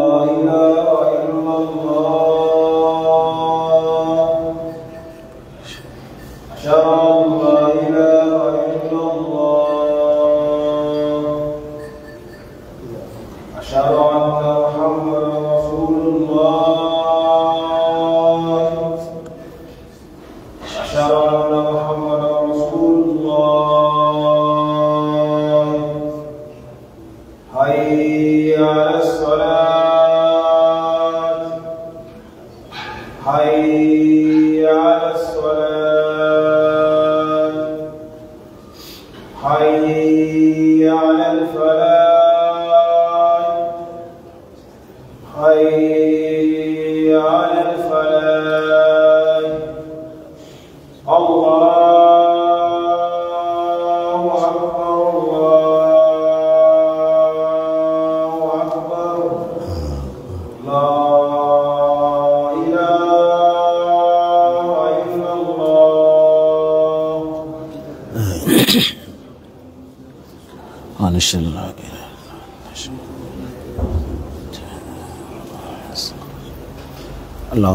الله لا إله إلا الله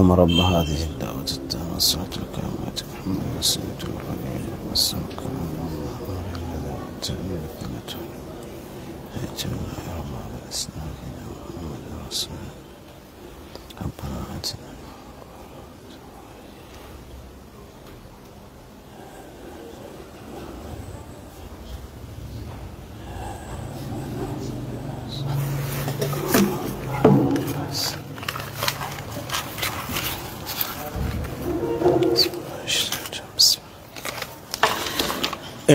اللهم ربنا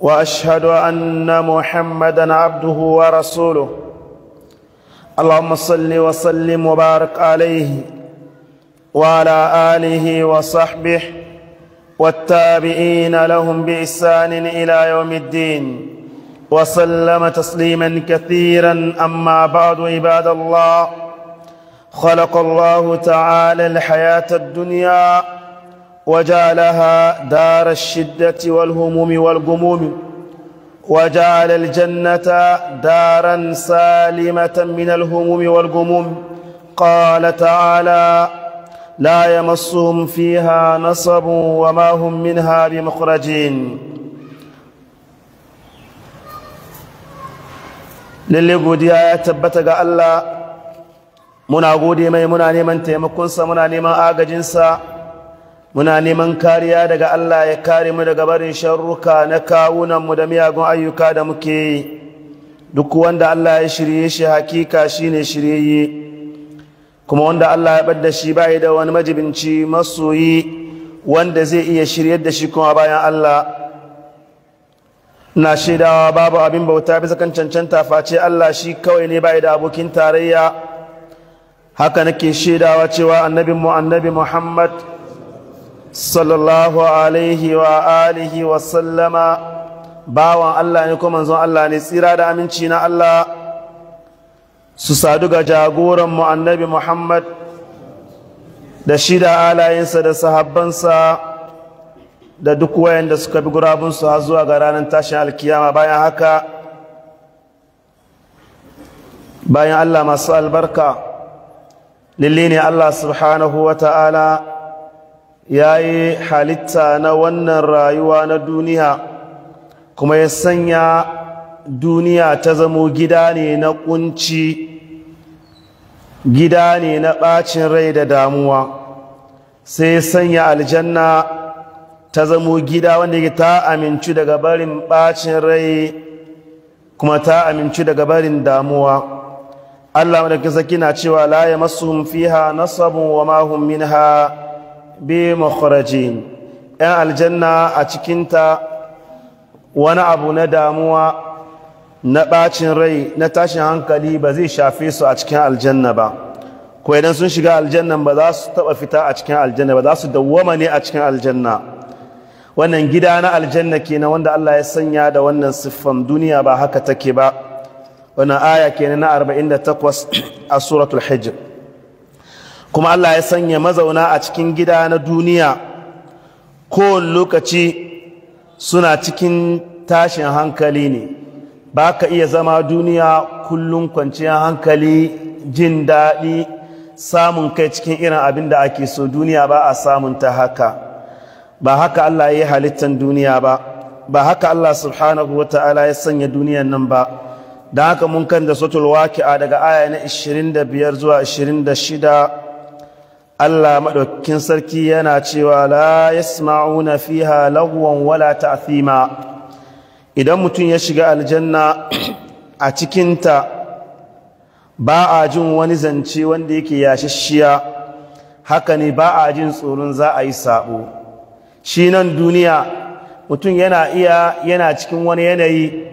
واشهد ان محمدا عبده ورسوله اللهم صل وسلم وبارك عليه وعلى اله وصحبه والتابعين لهم باحسان الى يوم الدين وسلم تسليما كثيرا اما بعد عباد الله خلق الله تعالى الحياه الدنيا وجعلها دار الشدة والهموم والغموم وجعل الجنة دارا سالمة من الهموم والغموم قال تعالى لا يمسهم فيها نصب وما هم منها بمخرجين للي godiya ya tabbata ga Allah muna gode mai muna neman taimakonsa muna neman kariya daga Allah ya kare mu daga barin sharruka na kawunanmu da miyagun ayyuka da muke yi duk wanda Allah ya shirye shi hakika shine shirye kuma wanda Allah ya bar da shi bai da wani majibinci masoyi wanda zai iya shiryar da shi kuma bayan Allah na shaidawa babu abin bauta bisa kan cancanta face Allah shi kawai ne bai da abokin tarayya haka nake shaidawa cewa annabi mu annabi Muhammad صلى الله عليه وآله وسلم باوان الله نكم منزون الله نسيرا دا أمينشينا الله سسادوك جاغورا مع النبي محمد da shi da alayensa da sahabbansa da duk wayanda suka bi gurabunsu har zuwa ga ranar tashin alkiyama bayan haka bayan Allah masu albarka lalle ne Allah subhanahu wa ta'ala ya yi halitta na wannan rayuwa na duniya kuma ya sanya duniya ta zamo gida ne na kunci gida ne na bacin rai da damuwa sai ya sanya aljanna ta zamo gida wanda ya ta amincu daga barin ɓacin rai kuma ta aminci daga barin damuwa Allah madaka sakina cewa la masu fiha nasabun wa ma hum minha bi makharajin yan aljanna a cikinta wani abu na damuwa na ɓacin rai na tashin hankali ba zai shafe su a cikin aljanna ba ko idan sun shiga aljanna ba za su taɓa fita a cikin aljanna ba za su dawwama ne a cikin aljanna wannan gida na aljanna kenan wanda Allah ya sanya da wannan siffan duniya ba haka take ba wannan aya kenan na 48 a suratul hijr kuma Allah ya sanya mazauna a cikin gida na duniya kowane lokaci suna cikin tashin hankali ne ba ka iya zama duniya kullum kwanciyar hankali jin daɗi samun kai cikin irin abin da ake so duniya ba a samun ta haka ba haka Allah ya yi halittar duniya ba ba haka Allah subhanahu wa ta'ala ya sanya duniyan nan ba da haka mun kan da sotul waki'a daga aya na 25 zuwa 26 Allah maɗaukin sarki yana cewa la Nafiha, fiha lagwan wala ta'thima idan mutum ya shiga aljanna a cikinta ba a jin wani zance wanda yake yashashiya haka ne ba a jin tsoron za a yi sabo shi nan duniya mutum yana iya yana cikin wani yanayi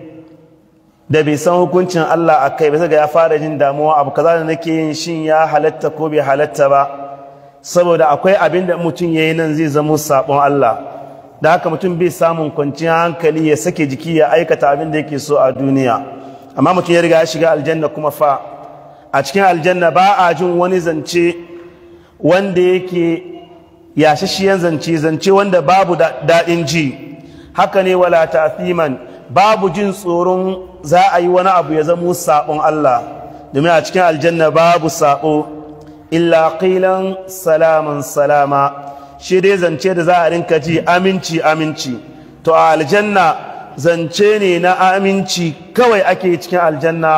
da bai san hukuncin Allah a kai ba sai ya fara jin damuwa abu kaza da nake yin shin ya halatta ko bai halatta ba saboda akwai abin da mutum ya yi nan zai zama sabon Allah da haka mutum bai samun kwanciyar hankali ya sake jiki ya aikata abin da yake so a duniya amma mutum ya riga ya shiga aljanna kuma fa a cikin aljanna ba a jin wani zance wanda yake yashashiyan zance zance wanda babu daɗin ji haka ne wala ta'thiman babu jin tsoron za a yi wani abu ya zama sabon Allah domin a cikin aljanna babu saɓo. illa qilan salaman salama shi dai zance da za a rinka ji aminci aminci to a aljanna zance ne na aminci kawai ake cikin aljanna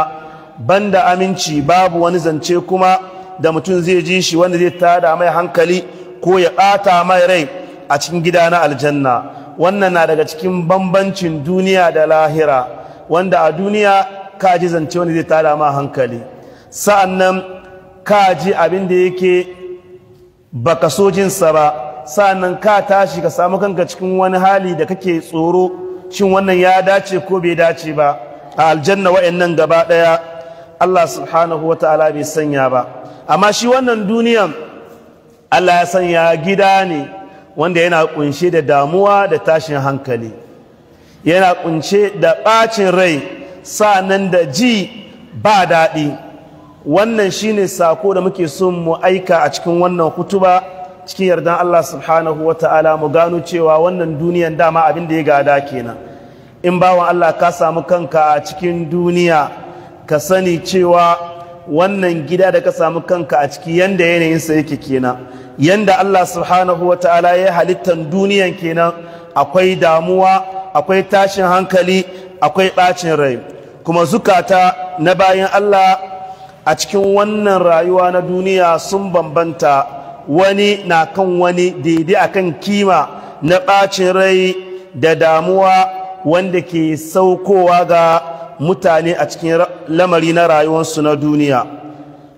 banda aminci babu wani zance kuma da mutum zai ji shi wanda zai tada mai hankali ko ya ɓata mai rai a cikin gida na aljanna wannan na daga cikin bambancin duniya da lahira wanda a duniya ka ji zance wanda zai tada ma hankali sa'annan ka ji abin da yake baka so jinsa ba sannan ka tashi ka samu kanka cikin wani hali da kake tsoro cin wannan ya dace ko bai dace ba a aljanna wa'annan gaba daya Allah subhanahu wa ta'ala bai sanya ba amma shi wannan duniyan Allah ya sanya gida ne wanda yana kunshe da damuwa da tashin hankali yana kunshe da bacin rai sa'annan da ji ba daɗi wannan shine sako da muke son mu aika a cikin wannan hutuba cikin yardan Allah subhanahu ta'ala mu gano cewa wannan duniyan dama abin da ya gada kenan in bawan Allah ka samu kanka a cikin duniya ka sani cewa wannan gida da ka samu kanka a ciki yanda yanayinsa yake kenan yanda Allah subhanahu ta'ala ya halittan duniyan kenan akwai damuwa akwai tashin hankali akwai ɓacin rai kuma zukata na bayan Allah a cikin wannan rayuwa na duniya sun bambanta wani na kan wani daidai a kan kima na ɓacin rai da damuwa wanda ke saukowa ga mutane a cikin lamari na rayuwarsu na duniya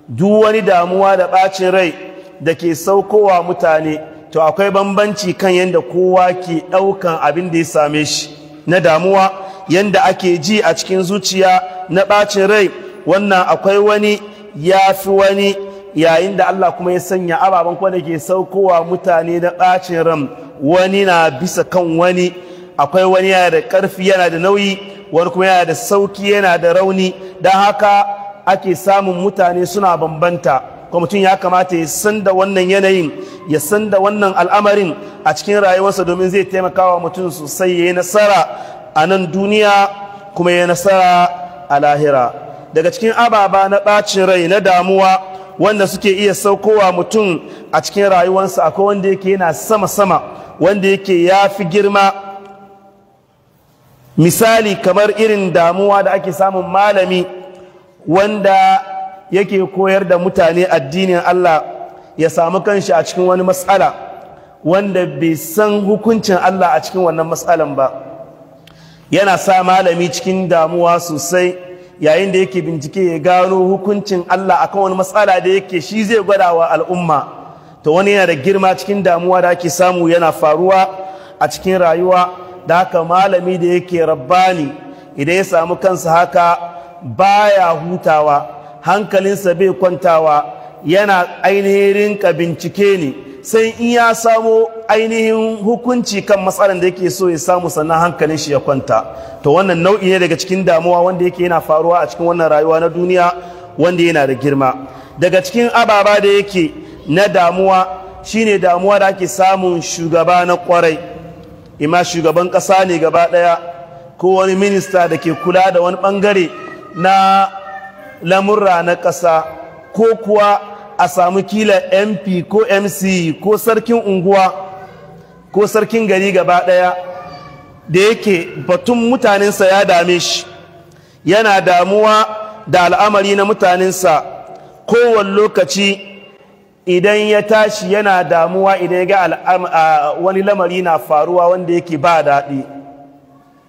duk wani damuwa da ɓacin rai da ke saukowa mutane to akwai bambanci kan yadda kowa ke ɗaukan abin da ya same shi na damuwa yadda ake ji a cikin zuciya na ɓacin rai wannan akwai wani ya fi wani yayin da Allah kuma ya sanya ababen kuma da ke saukowa mutane da ɓacin ran wani na bisa kan wani akwai wani yana da ƙarfi yana da nauyi wani kuma yana da sauki yana da rauni don haka ake samun mutane suna bambanta kuma mutum ya kamata ya san da wannan yanayin ya san da wannan al'amarin a cikin rayuwarsa domin zai taimaka wa mutum sosai ya yi nasara a nan duniya kuma ya nasara a lahira daga cikin ababa na ɓacin rai na damuwa wanda suke iya saukowa mutum a cikin rayuwarsa akwai wanda yake yana sama-sama wanda yake ya fi girma misali kamar irin damuwa da ake samun malami wanda yake koyar da mutane addinin Allah ya samu kanshi a cikin wani matsala wanda bai san hukuncin Allah a cikin wannan matsalan ba yana sa malami cikin damuwa sosai yayin da yake bincike ya gano hukuncin Allah a kan wani matsala da yake shi zai gwada wa al'umma ta wani yana da girma cikin damuwa da ake samu yana faruwa a cikin rayuwa da haka malami da yake rabbani idan ya samu kansa haka baya hutawa hankalinsa bai kwantawa yana ainihin rinka bincike ne sai in ya samo ainihin hukunci kan matsalar da yake so ya samu sannan hankalin shi ya kwanta to wannan nau'i ne daga cikin damuwa wanda yake yana faruwa a cikin wannan rayuwa na duniya wanda yana da girma daga cikin ababa da yake na damuwa shine damuwa da ake samun shugaba na kwarai ima shugaban ƙasa ne gaba ɗaya ko wani minista da ke kula da wani ɓangare na lamurra na ƙasa ko kuwa a samu kila mp ko mc ko sarkin unguwa ko sarkin gari gaba ɗaya da yake batun mutanensa ya dame shi yana damuwa da al'amari na mutanensa kowane lokaci idan ya tashi yana damuwa idan ya ga wani lamari na faruwa wanda yake ba daɗi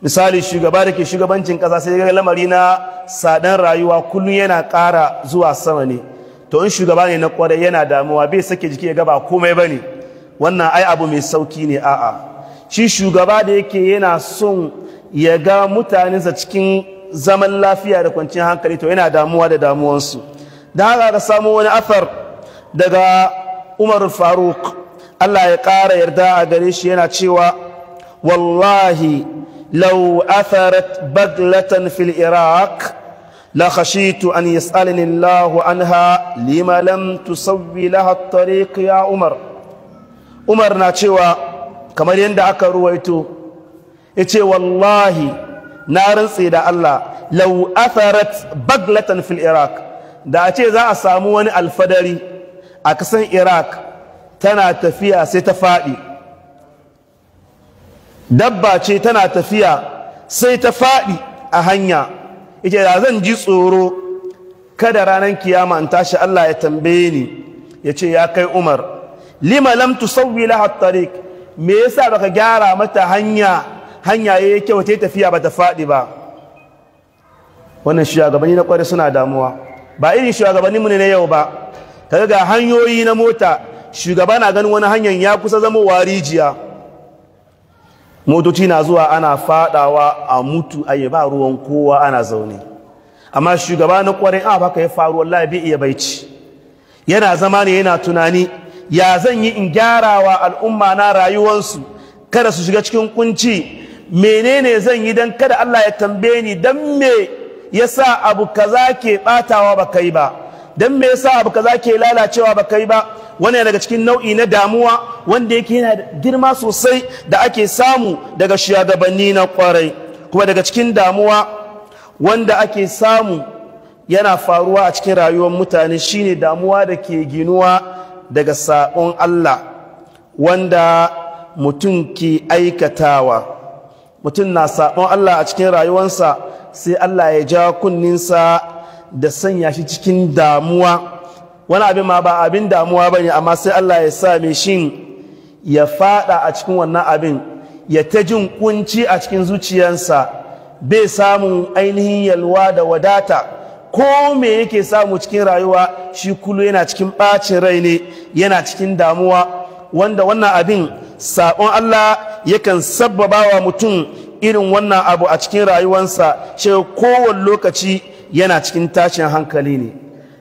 misali shugaba da ke shugabancin ƙasa sai ga lamari na sadan rayuwa kullum yana ƙara zuwa sama ne to in shugaba ne na ƙwarai yana damuwa bai sake jiki ya gaba komai ba ne wannan ai abu mai sauki ne a'a shi shugaba da yake yana son ya ga mutanensa cikin zaman lafiya da kwanciyar hankali to yana damuwa da damuwansu da haka ka samo wani afar daga umar faruk allah ya ƙara yarda a gare shi yana cewa wallahi lau atharat baglatan fil iraq la khashitu an yas'alani allah anha lima lam tusawwi ya umar umar na cewa kamar yadda aka ruwaito ya ce wallahi na rantse da Allah lau atharat baglatan fil iraq da a ce za a samu wani alfadari a kasan iraq tana tafiya sai ta faɗi dabba ce tana tafiya sai ta faɗi a hanya ike da zan ji tsoro kada ranar kiyama in tashi Allah ya tambaye ni ya ce ya kai umar lima lam tusawwi laha tariq me yasa baka gyara mata hanya hanya yayi kyau ta tafiya ba ta faɗi ba wannan shugabanni na kware suna damuwa ba irin mu ne na yau ba kaga ga hanyoyi na mota shugaba na ganin wani hanyar ya kusa zama warijiya motoci na zuwa ana fadawa a mutu ayi ba ruwan kowa ana zaune amma shugaba na kwarin a baka ya faru wallahi bai iya baici yana zama ne yana tunani ya zan yi in gyara wa al'umma na rayuwarsu kada su shiga cikin kunci menene zan yi don kada Allah ya tambaye ni don me ya sa abu kaza ke batawa ba kai ba don me ya sa abu kaza ke lalacewa ba kai ba wani daga cikin nau'i na damuwa wanda yake yana girma sosai da ake samu daga shugabanni na kwarai kuma daga cikin damuwa wanda ake samu yana faruwa a cikin rayuwar mutane shine damuwa da ke ginuwa daga saƙon Allah wanda mutum ke aikatawa mutum na saƙon Allah a cikin rayuwansa sai Allah ya ja kunninsa da sanya shi cikin damuwa wani abin ma ba abin damuwa ba ne amma sai Allah ya sa mai shin ya fada a cikin wannan abin ya ta jin kunci a cikin zuciyarsa bai samun ainihin yalwa da wadata ko me yake samu cikin rayuwa shi kullu yana cikin bacin rai ne yana cikin damuwa wanda wannan abin sabon Allah yakan sabbabawa mutum irin wannan abu a cikin rayuwansa shi kowane lokaci yana cikin tashin hankali ne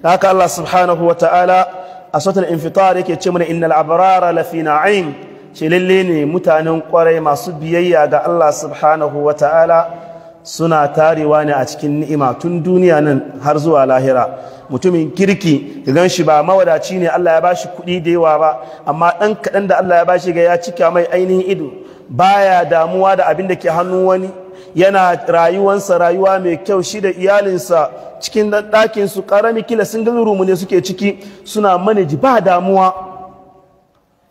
haka Allah subhanahu wa ta'ala a sautar infitar yake ce mana innal abrara lafi na'im shi lalle ne mutanen kwarai masu biyayya ga Allah subhanahu wa ta'ala suna tarewa ne a cikin ni'ima tun duniya nan har zuwa lahira mutumin kirki da gan shi ba mawadaci ne Allah ya bashi kuɗi da yawa ba amma ɗan kaɗan da Allah ya bashi ga ya cika mai ainihin ido baya damuwa da abin da ke hannu wani yana rayuwansa rayuwa mai kyau shi da iyalinsa cikin ɗakin su ƙarami kila sun ga ne suke ciki suna mani ba damuwa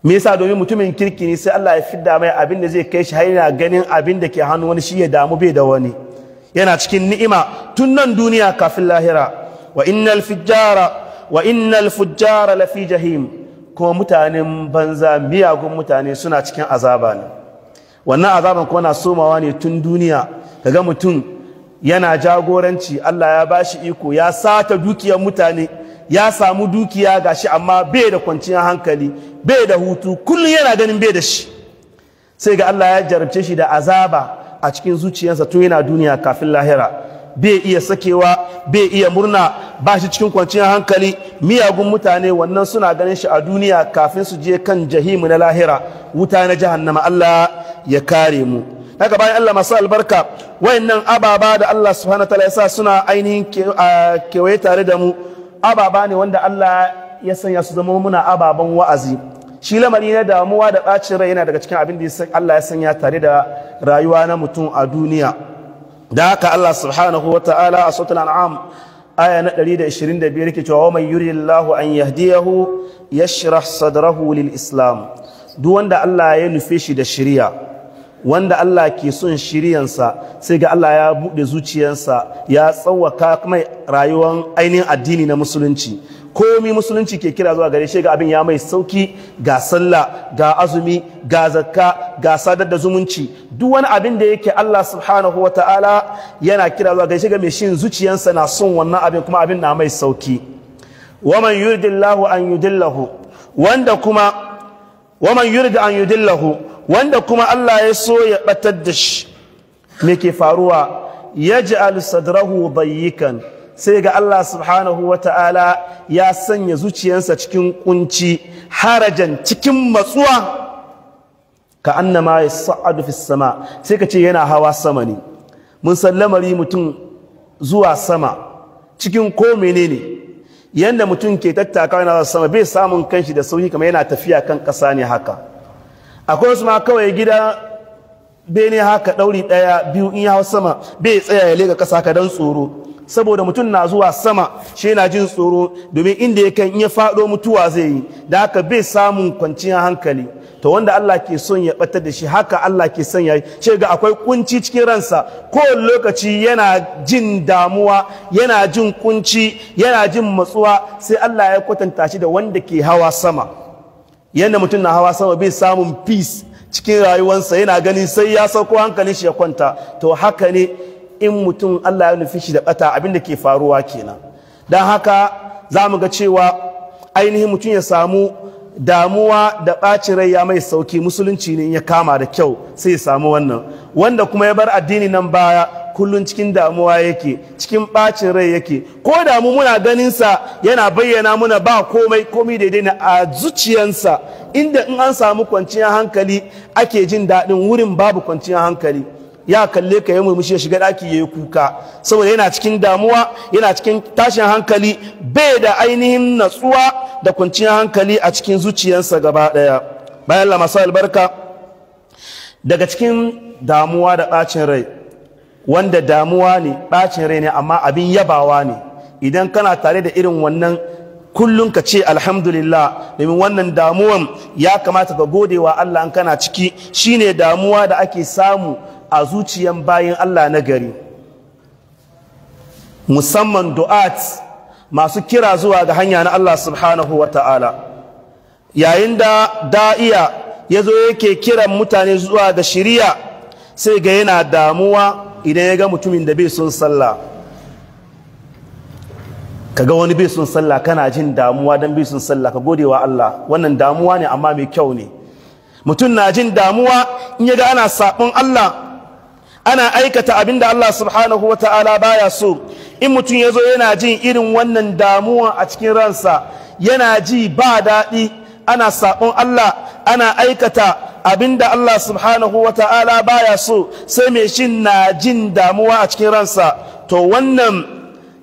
me yasa domin mutumin kirki ne sai Allah ya fidda mai abin da zai kai shi har yana ganin abin da ke hannu wani shi ya damu bai da wani yana cikin ni'ima tun nan duniya kafin lahira wa innal fujjara wa innal fujjara fi jahim kuma mutanen banza miyagun mutane suna cikin azaba ne wannan azaban kuma na somawa ne tun duniya kaga mutum yana jagoranci Allah ya bashi iko ya sata dukiyar mutane ya samu dukiya gashi amma bai da kwanciyar hankali bai da hutu kullum yana ganin bai da shi sai ga Allah ya jarabce shi da azaba a cikin zuciyarsa tun yana duniya kafin lahira bai iya sakewa bai iya murna ba shi cikin kwanciyar hankali miyagun mutane wannan suna ganin shi a duniya kafin su je kan jahimu na lahira wuta na jahannama Allah ya kare mu haka bayan Allah masu albarka wayannan ababa da Allah subhanahu wa ta'ala ya sa suna ainihin kewaye tare da mu ababa ne wanda Allah ya sanya su zama muna ababen wa'azi shi lamari na damuwa da ɓacin rai yana daga cikin abin da Allah ya sanya tare da rayuwa na mutum a duniya da haka Allah subhanahu wa ta'ala a sautin an'am aya na 125 yake cewa wa yuri, yuridillahu an yahdiyahu yashrah sadrahu lil islam duk wanda Allah ya nufe shi da shiriya wanda Allah ke son shiriyansa sai ga Allah ya buɗe zuciyarsa ya tsawaka mai rayuwar ainihin addini na musulunci komi musulunci ke kira zuwa gare shi ga abin ya mai sauki ga sallah ga azumi ga zakka ga sadar da zumunci duk wani abin da yake Allah subhanahu ta'ala yana kira zuwa gare shi ga mai shin zuciyansa na son wannan abin kuma abin na mai sauki waman yuridillahu an yudillahu wanda kuma waman yurid an yudillahu wanda kuma Allah ya so ya batar da shi me ke faruwa yaj'al sadrahu dayyikan sai ga Allah subhanahu wa ta'ala ya sanya zuciyarsa cikin kunci harajan cikin matsuwa ka annama sa’adu fi sama sai ka ce yana hawa sama ne mun sallamari mutum zuwa sama cikin ko menene yadda mutum ke tattakawa yana sama bai samun kanshi da sauki kama yana tafiya kan ƙasa ne haka akwai wasu ma kawai gida bene haka ɗauri ɗaya biyu in ya hau sama bai tsaya ya lega ƙasa ka don tsoro saboda mutum na zuwa sama shi yana jin tsoro domin inda ya kan iya faɗo mutuwa zai yi da haka bai samun kwanciyar hankali to wanda Allah ke son ya batar da shi haka Allah ke son ya yi ce ga akwai kunci cikin ransa ko lokaci yana jin damuwa yana jin kunci yana jin matsuwa sai Allah ya kwatanta shi da wanda ke hawa sama Yadda mutum na hawa sama bai samun peace cikin rayuwansa yana ganin sai ya sauko hankalin shi ya kwanta to haka ne in mutum Allah ya nufi shi da bata abin da ke faruwa kenan don haka za mu ga cewa ainihin mutum ya samu damuwa da ɓacin rai ya mai sauki musulunci ne ya kama da kyau sai ya samu wannan wanda kuma ya bar addini nan baya kullum cikin damuwa yake cikin ɓacin rai yake ko damu muna ganinsa yana bayyana muna ba komai komai daidai na a zuciyansa inda in an samu kwanciyar hankali ake jin daɗin wurin babu kwanciyar hankali ya kalle ka ya murmushi ya shiga daki yi kuka saboda yana cikin damuwa yana cikin tashin hankali bai da ainihin natsuwa da kwanciyar hankali a cikin zuciyarsa gaba daya bayan lamasa masu albarka daga cikin damuwa da ɓacin rai wanda damuwa ne ɓacin rai ne amma abin yabawa ne idan kana tare da irin wannan kullum ka ce alhamdulillah domin wannan damuwan ya kamata ka gode wa Allah an kana ciki shine damuwa da ake samu a zuciyan bayan Allah na gari musamman du'at masu kira zuwa ga hanya na Allah subhanahu wa ta'ala yayin da da'iya ya zo yake kiran mutane zuwa ga shirya sai ga yana damuwa idan ya ga mutumin da bai sun sallah kaga wani bai sun sallah kana jin damuwa don bai sun sallah ka gode wa Allah wannan damuwa ne amma mai kyau ne mutum na jin damuwa in ya ga ana saɓin Allah ana aikata abinda Allah subhanahu wa ta'ala baya so in mutum ya zo yana jin irin wannan damuwa a cikin ransa yana ji ba daɗi ana saƙon Allah ana aikata abinda Allah subhanahu wa ta'ala baya so sai mai shin na jin damuwa a cikin ransa to wannan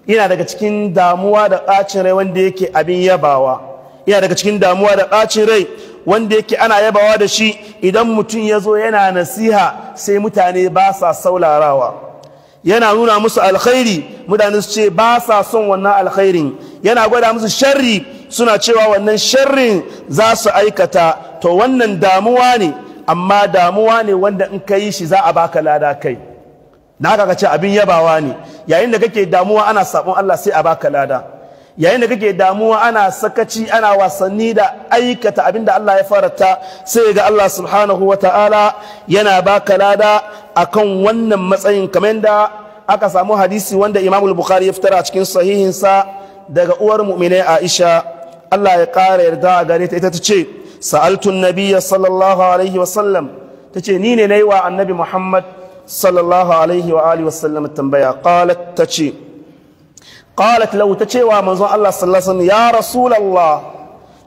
yana daga cikin damuwa da ɓacin rai wanda yake abin yabawa yana daga cikin damuwa da ɓacin rai wanda yake ana yabawa da shi idan mutum ya zo yana nasiha sai mutane ba sa saularawa yana nuna musu alkhairi mutane su ce ba sa son wannan alkhairin yana gwada musu sharri suna cewa wannan sharrin za su aikata to wannan damuwa ne amma damuwa ne wanda in ka yi shi za a baka lada kai na haka ka ce abin yabawa ne yayin da kake damuwa ana saɓon Allah sai a baka lada yayin da kake damuwa ana sakaci ana wasanni da aikata abin da Allah ya farata sai ga Allah subhanahu wa ta'ala yana baka lada akan wannan matsayin kamar da aka samu hadisi wanda imamul Bukhari ya fitar a cikin sahihinsa daga uwar mu'minai Aisha Allah ya ƙara yarda a gare ta ita ta ce sa'altun nabiyya sallallahu alaihi wa sallam ta ce ni ne na yi wa annabi Muhammad sallallahu alaihi wa alihi wa sallam tambaya qalat ta ce qalat lahu ta cewa manzon Allah sallallahu alaihi wasallam ya rasulullah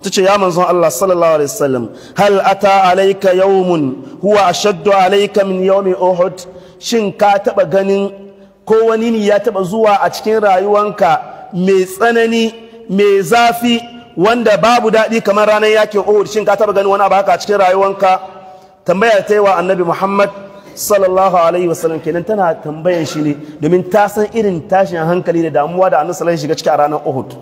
ta ce ya manzon Allah sallallahu alaihi wasallam hal ata alayka yawmun huwa ashaddu alayka min yawmi uhud shin ka taba ganin ko wani ne ya taba zuwa a cikin rayuwanka mai tsanani mai zafi wanda babu daɗi kamar ranar yakin uhud shin ka taba ganin wani abu haka a cikin rayuwanka tambaya ta yi wa annabi muhammad sallallahu alaihi wasallam kenan tana tambayan shi ne domin ta san irin tashin hankali da damuwa da annabi sallallahu alaihi shiga cikin ranar Uhud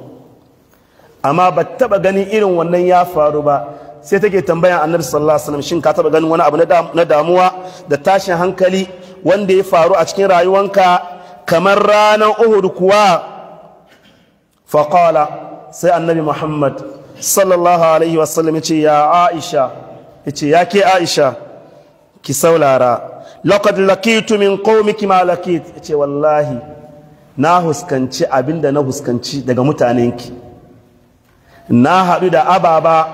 amma ba taba ganin irin wannan ya faru ba sai take tambayan annabi sallallahu alaihi wasallam shin ka taba ganin wani abu na damuwa da tashin hankali wanda ya faru a cikin rayuwanka kamar ranar Uhud kuwa faqala sai annabi Muhammad sallallahu alaihi wasallam ya ce ya Aisha ya ce ya ke Aisha ki saulara laqad lakitu min qaumiki ma lakitu. ce wallahi na huskanci abinda na huskanci daga mutanenki na haɗu da ababa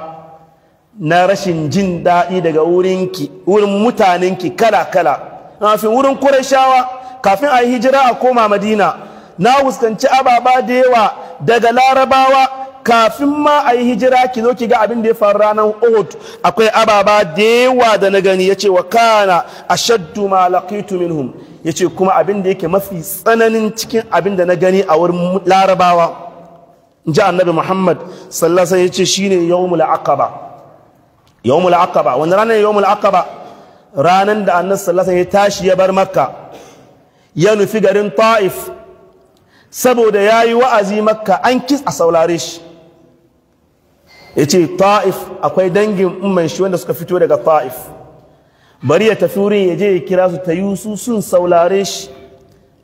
na rashin jin daɗi daga wurinki wurin mutanenki kala kala kafin wurin shawa, kafin a yi hijira a koma madina na huskanci ababa da yawa daga larabawa kafin ma a yi hijira ki zo ki ga abin da ya faru ranar Uhud akwai ababa da yawa da na gani ya ce wa kana ashaddu ma laqitu minhum ce kuma abin da yake mafi tsananin cikin abin da na gani a wurin larabawa ji annabi Muhammad sallallahu alaihi wasallam yace shine yawmul aqaba yawmul aqaba wannan ranar yawmul aqaba ranan da annabi sallallahu alaihi ya tashi ya bar makka ya nufi garin Taif saboda ya yi wa'azi makka an kis a saulare shi ya ce ta'if akwai dangin umman shi wanda suka fito daga ta'if bari ya tafi wurin ya je ya kira su ta yusu sun saulare shi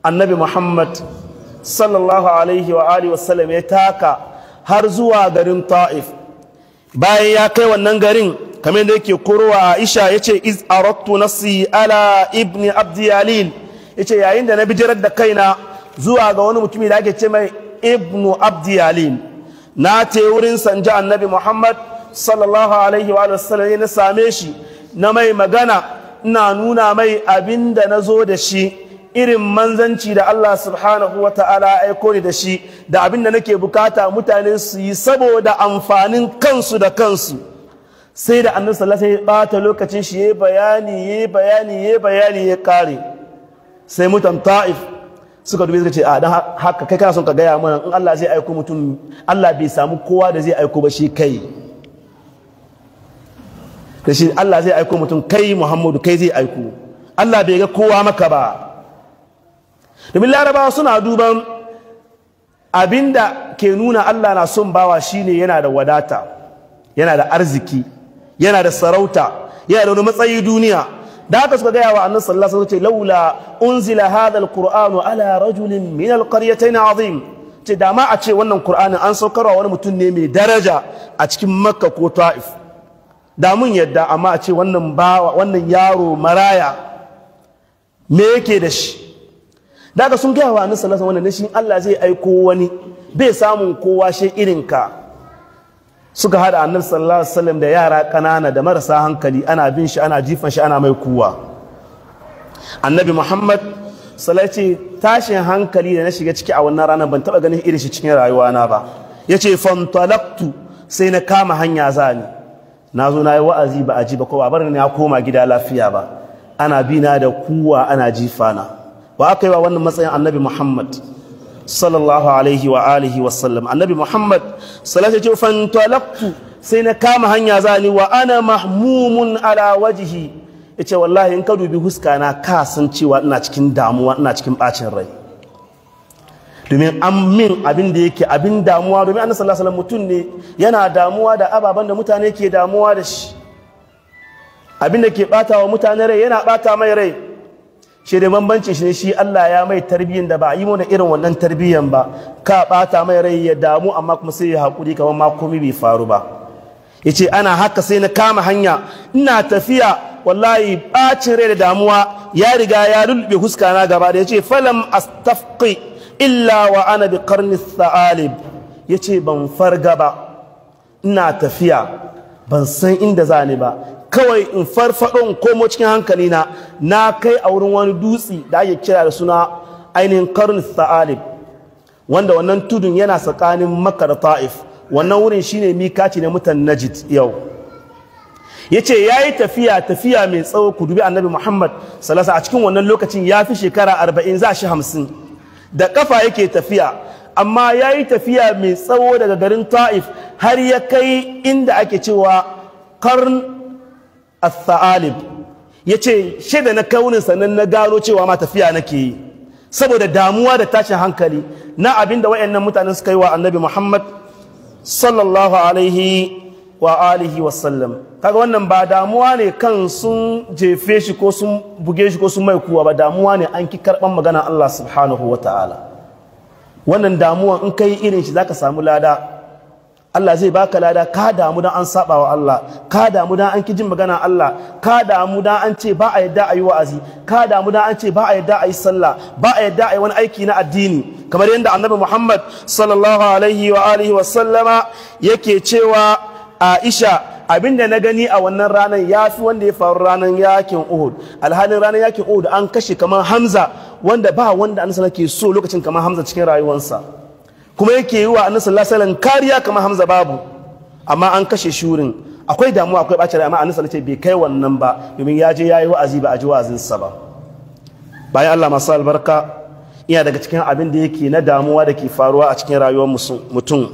annabi muhammad sallallahu alaihi wa alihi wasallam ya taka har zuwa garin ta'if bayan ya kai wannan garin kamar da yake korowa aisha ya ce iz arattu nasi ala ibn abdi yalil ya ce yayin da na bijirar da kaina zuwa ga wani mutumi da ake ce mai ibnu abdi na ce wurin sanja annabi muhammad sallallahu alaihi wa na same shi na mai magana ina nuna mai abin da na zo da shi irin manzanci da Allah subhanahu wa ta'ala aiko ni da shi da abin da nake bukata mutane su yi saboda amfanin kansu da kansu sai da annabi sallallahu alaihi wa bata lokacin shi ya bayani ya bayani ya bayani ya kare sai mutan ta'if suka dubi suka ce a dan haka kai kana son ka gaya mana in Allah zai aiko mutum Allah bai samu kowa da zai aiko ba shi kai da shi Allah zai aiko mutum kai Muhammadu kai zai aiko Allah bai ga kowa maka ba domin larabawa suna duban abinda ke nuna Allah na son bawa shine yana da wadata yana da arziki yana da sarauta yana da wani matsayi duniya da haka suka gaya wa annabi sallallahu alaihi wasallam ce laula unzila hadha alquran ala rajulin min alqaryatayn azim ce da ma a ce wannan qur'ani an saukarwa wani mutum ne mai daraja a cikin makka ko ta'if da mun yadda amma a ce wannan bawa wannan yaro maraya me yake da shi da haka sun gaya wa annabi sallallahu alaihi wasallam wannan ne shi Allah zai aiko wani bai samun kowa shi ka. suka hada annabi sallallahu alaihi wasallam da yara kanana da marasa hankali ana bin shi ana jifan shi ana mai kuwa annabi muhammad sallallahu tashin hankali da na shiga ciki a wannan ranar ban taba ganin irin shi cikin rayuwana ba Ya ce fantalaktu sai na kama hanya zani na zo na yi wa'azi ba a ji ba ko babar bar na koma gida lafiya ba ana bina da kuwa ana jifana wa aka yi wa wannan matsayin annabi muhammad sallallahu alaihi wa alihi wa sallam annabi muhammad sallallahu alaihi fantalaqtu sai na kama hanya zani wa ana mahmumun ala wajihi yace wallahi in ka dubi huska na ka san cewa ina cikin damuwa ina cikin bacin rai domin an min abin da yake abin damuwa domin annabi sallallahu alaihi mutum ne yana damuwa da ababen da mutane ke damuwa da shi abin da ke bata wa mutane rai yana bata mai rai shi da bambancin shi ne shi Allah ya mai tarbiyyar da ba a yi mana irin wannan tarbiyyar ba ka bata mai rai ya damu amma kuma sai ya haƙuri kamar ma komai bai faru ba ce ana haka sai na kama hanya ina tafiya wallahi ɓacin rai da damuwa ya riga ya lulɓe huska na gaba da yace falam astafqi illa wa ana bi qarni yace ban farga ba ina tafiya ban san inda za ni ba kawai in farfaɗo in komo cikin hankali na na kai a wurin wani dutse da ake kira da suna ainihin karni sa'alib wanda wannan tudun yana tsakanin makka da ta'if wannan wurin shine ce na mutan najid yau ya ce ya yi tafiya tafiya mai tsawo ku dubi annabi muhammad Salasa. a cikin wannan lokacin ya fi shekara arba'in za shi hamsin da kafa yake tafiya amma ya yi tafiya mai tsawo daga garin ta'if har ya kai inda ake cewa karn al-tha'alib ya ce shaida na kaunin sanan na gano cewa ma tafiya nake yi saboda damuwa da tashin hankali na abinda da wayannan mutanen suka yi wa annabi muhammad sallallahu alaihi wa alihi wasallam kaga wannan ba damuwa ne kan sun jefe shi ko sun buge shi ko sun mai kuwa ba damuwa ne an ki karban magana Allah subhanahu wa ta'ala wannan damuwa in kai irin shi zaka samu lada Allah zai baka lada ka damu dan an saba wa Allah ka damu dan an kijin magana Allah ka damu dan an ce ba a yadda ayi wa'azi ka damu dan an ce ba a yadda ayi sallah ba a yadda ayi wani aiki na addini kamar yadda Annabi Muhammad sallallahu alaihi wa alihi wa sallama yake cewa Aisha abinda na gani a wannan ranar yafi wanda ya faru ranar yakin Uhud alhalin ranar yakin Uhud an kashe kamar Hamza wanda ba wanda an sanake so lokacin kamar Hamza cikin rayuwarsa kuma yake yi wa annabi sallallahu kariya kamar hamza babu amma an kashe shurin akwai damuwa akwai bacin amma annabi sallallahu bai kai wannan ba domin ya je yayi wa'azi ba a ji wa'azinsa ba bayan Allah masu albarka iya daga cikin abin da yake na damuwa da ke faruwa a cikin rayuwar mutum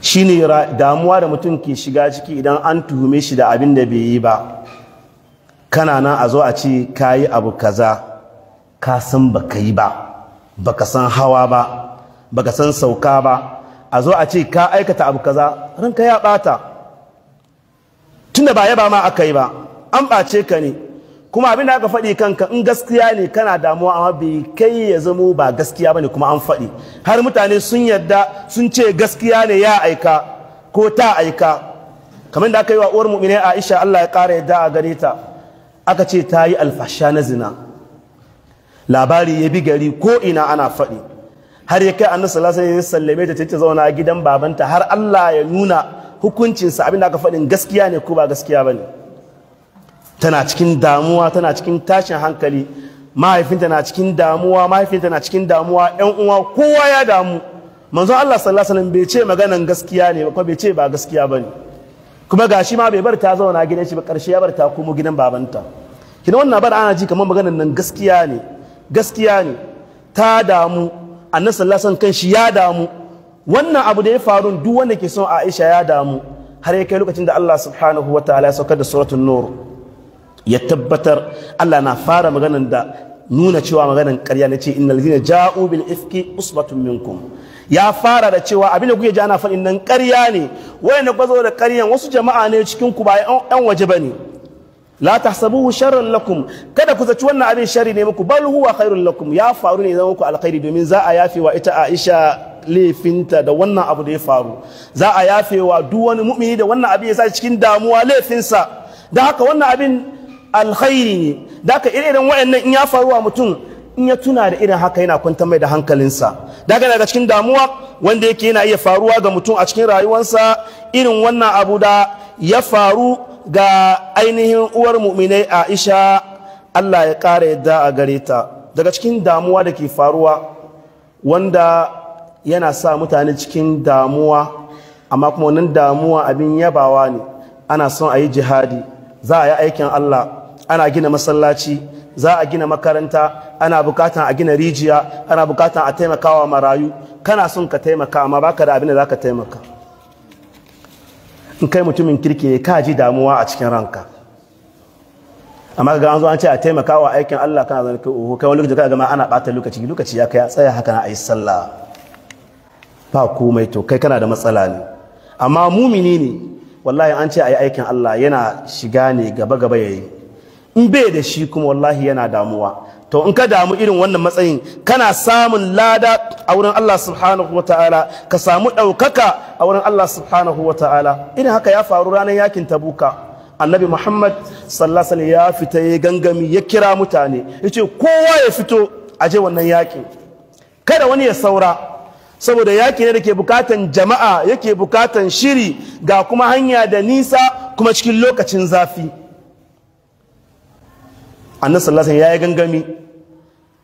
shine damuwa da mutum ke shiga ciki idan an tuhume shi da abin da bai yi ba kana nan a zo a ce kayi abu kaza ka san ba ka yi ba baka san hawa ba baka san sauka ba a zo a ce ka aikata abu kaza ranka ya bata tunda ba yaba ma aka yi ba an bace ka ne kuma abin da aka faɗi kanka in gaskiya ne kana damuwa amma bai kai ya zamo ba gaskiya ba ne kuma an faɗi har mutane sun yadda sun ce gaskiya ne ya aika ko ta aika kamar da aka yi wa uwar mu'mina Aisha Allah ya ƙara yadda a gare ta aka ce ta yi alfasha na zina labari ya bi gari ko ina ana faɗi har ya kai annabi sallallahu alaihi wasallam ya sallame ta ta zauna gidan babanta har Allah ya nuna hukuncinsa abin da aka faɗin gaskiya ne ko ba gaskiya bane tana cikin damuwa tana cikin tashin hankali mahaifinta na cikin damuwa mahaifinta na cikin damuwa yan uwa kowa ya damu manzon Allah sallallahu alaihi wasallam bai ce maganan gaskiya ne ba bai ce ba gaskiya bane kuma gashi ma bai bar ta zauna gidan shi ba karshe ya bar ta komo gidan babanta kina wannan bar ana ji kamar maganan nan gaskiya ne gaskiya ne ta damu A sallallahu alaihi kan shi ya damu wannan abu da ya faru duk wanda ke son Aisha ya damu har ya kai lokacin da Allah subhanahu ta'ala ya saukar da suratul n'or ya tabbatar Allah na fara maganan da nuna cewa maganan karya na ce innal ladina ja'u bil ifki usbatun minkum ya fara da cewa abin da kuke ja ana faɗin nan karya ne wayanda kwazo da ƙaryan wasu jama'a ne cikin ku ba 'yan waje bane la tahsabuhu sharran lakum kada ku zaci wannan abin shari ne muku bal huwa khairul lakum ya faru ne zama muku alkhairi domin za a yafe wa ita Aisha laifinta da wannan abu da ya faru za a yafe wa duk wani mu'mini da wannan abin ya sa cikin damuwa laifinsa da haka wannan abin alkhairi ne da haka irin waɗannan in ya faru wa mutum in ya tuna da irin haka yana kwantar mai da hankalinsa da haka daga cikin damuwa wanda yake yana iya faruwa ga mutum a cikin rayuwarsa irin wannan abu da ya faru ga ainihin uwar mu'minai Aisha Allah ya ƙara yadda a gare ta daga cikin damuwa da ke faruwa wanda yana sa mutane cikin damuwa amma kuma wannan damuwa abin yabawa ne ana son a yi jihadi za a yi aikin Allah ana gina masallaci za a gina makaranta ana bukatan a gina rijiya ana bukatan a taimakawa marayu kana son ka taimaka amma baka da abin da za ka taimaka in kai mutumin kirki ne ka ji damuwa a cikin ranka amma ga an zo an ce a taimaka wa aikin Allah kana zan kai kai wani lokaci kaga ma ana bata lokaci lokaci ya kai ya tsaya haka na ayi sallah ba komai to kai kana da matsala ne amma mumini ne wallahi an ce ayi aikin Allah yana shiga ne gaba gaba yayi in bai da shi kuma wallahi yana damuwa to in ka damu irin wannan matsayin kana samun lada a wurin Allah subhanahu wata'ala ka samu ɗaukaka a wurin Allah subhanahu wata'ala irin haka ya faru ranar yakin tabuka annabi muhammad sallallahu ya fita ya gangami ya kira mutane ya ce kowa ya fito aje wannan yakin kada wani ya saura saboda yaki ne da ke bukatan jama'a yake bukatan shiri ga kuma hanya da nisa kuma cikin lokacin zafi annabi sallallahu alaihi wasallam gangami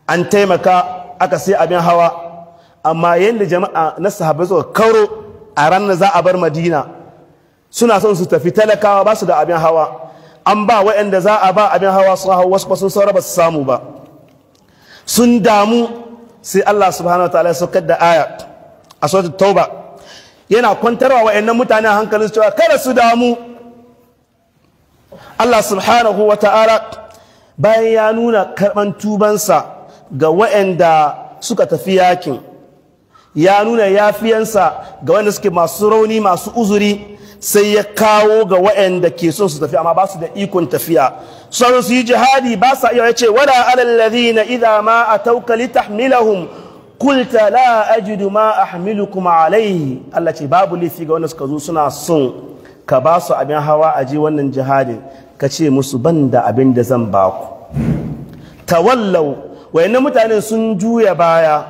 an taimaka aka sai abin hawa amma yadda jama'a na sahabbai suka karo a ranar za a bar madina suna son su tafi talakawa ba su da abin hawa an ba waɗanda za a ba abin hawa sun hau wasu sun saura ba su samu ba sun damu sai Allah subhanahu wa ta'ala saukar da aya a sautin tauba yana kwantarwa waɗannan mutane hankalin su cewa kada su damu Allah subhanahu wa ta'ala bayan ya nuna karɓan tubansa ga waɗanda suka tafi yakin ya nuna yafiyansa ga waɗanda suke masu rauni masu uzuri sai ya kawo ga waɗanda ke son su tafi amma ba su da ikon tafiya sauran su yi jihadi ba sa iya ce wada alallazi na idan ma a taukali tahmilahum kulta la ajidu ma ahmilukum alaihi Allah ce babu laifi ga wanda suka zo suna son ka ba su abin hawa a ji wannan jihadin ka ce musu ban da abin da zan ba ku tawallau na mutane sun juya baya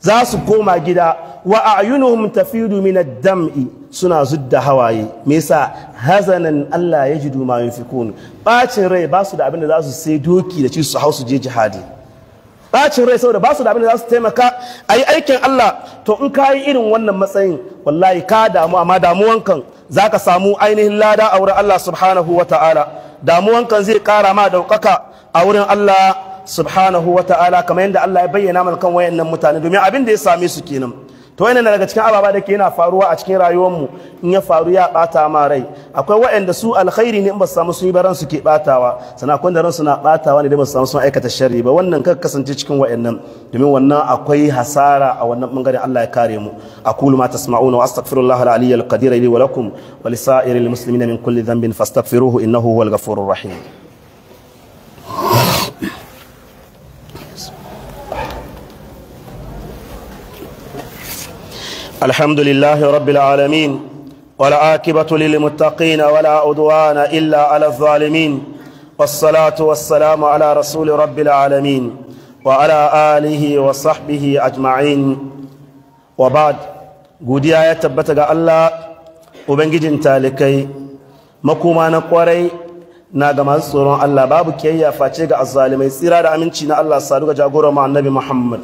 za su koma gida wa a'yunuhum tafidu min ad-dam'i suna zudda hawaye me yasa hazanan Allah yajidu ma yunfikun Ɓacin rai ba su da abin da za su sai doki da ci su hau su je jihadi bacin rai saboda ba su da abin da za su taimaka a yi aikin Allah to in ka yi irin wannan matsayin wallahi ka damu amma kan za ka samu ainihin lada a wurin Allah subhanahu wa ta'ala damuwan kan zai kara ma daukaka a wurin Allah subhanahu wa ta'ala kamar yadda Allah ya bayyana mana kan wayannan mutane domin abin da ya same su kenan to yana daga cikin ababa da ke yana faruwa a cikin rayuwarmu in ya faru ya bata ma rai akwai waɗanda su alkhairi ne in ba su samu sun yi baran su ke batawa sana akwai da ran suna batawa ne da ba su samu sun aikata sharri ba wannan kan kasance cikin waɗannan domin wannan akwai hasara a wannan bangaren Allah ya kare mu aqulu ma tasma'una wa astaghfirullah al-aliyyil qadir li wa lakum wa lisa'iril muslimina min kulli dhanbin fastaghfiruhu innahu huwal ghafurur rahim الحمد لله رب العالمين والعاقبة للمتقين ولا أدوان إلا على الظالمين والصلاة والسلام على رسول رب العالمين وعلى آله وصحبه أجمعين وبعد godiya ya tabbata ga Allah ubangijin talikai makoma na kwarai na ga masu tsoron Allah babu kiyayya face ga azzalimai tsira da aminci na Allah sadu ga jagoran annabi Muhammad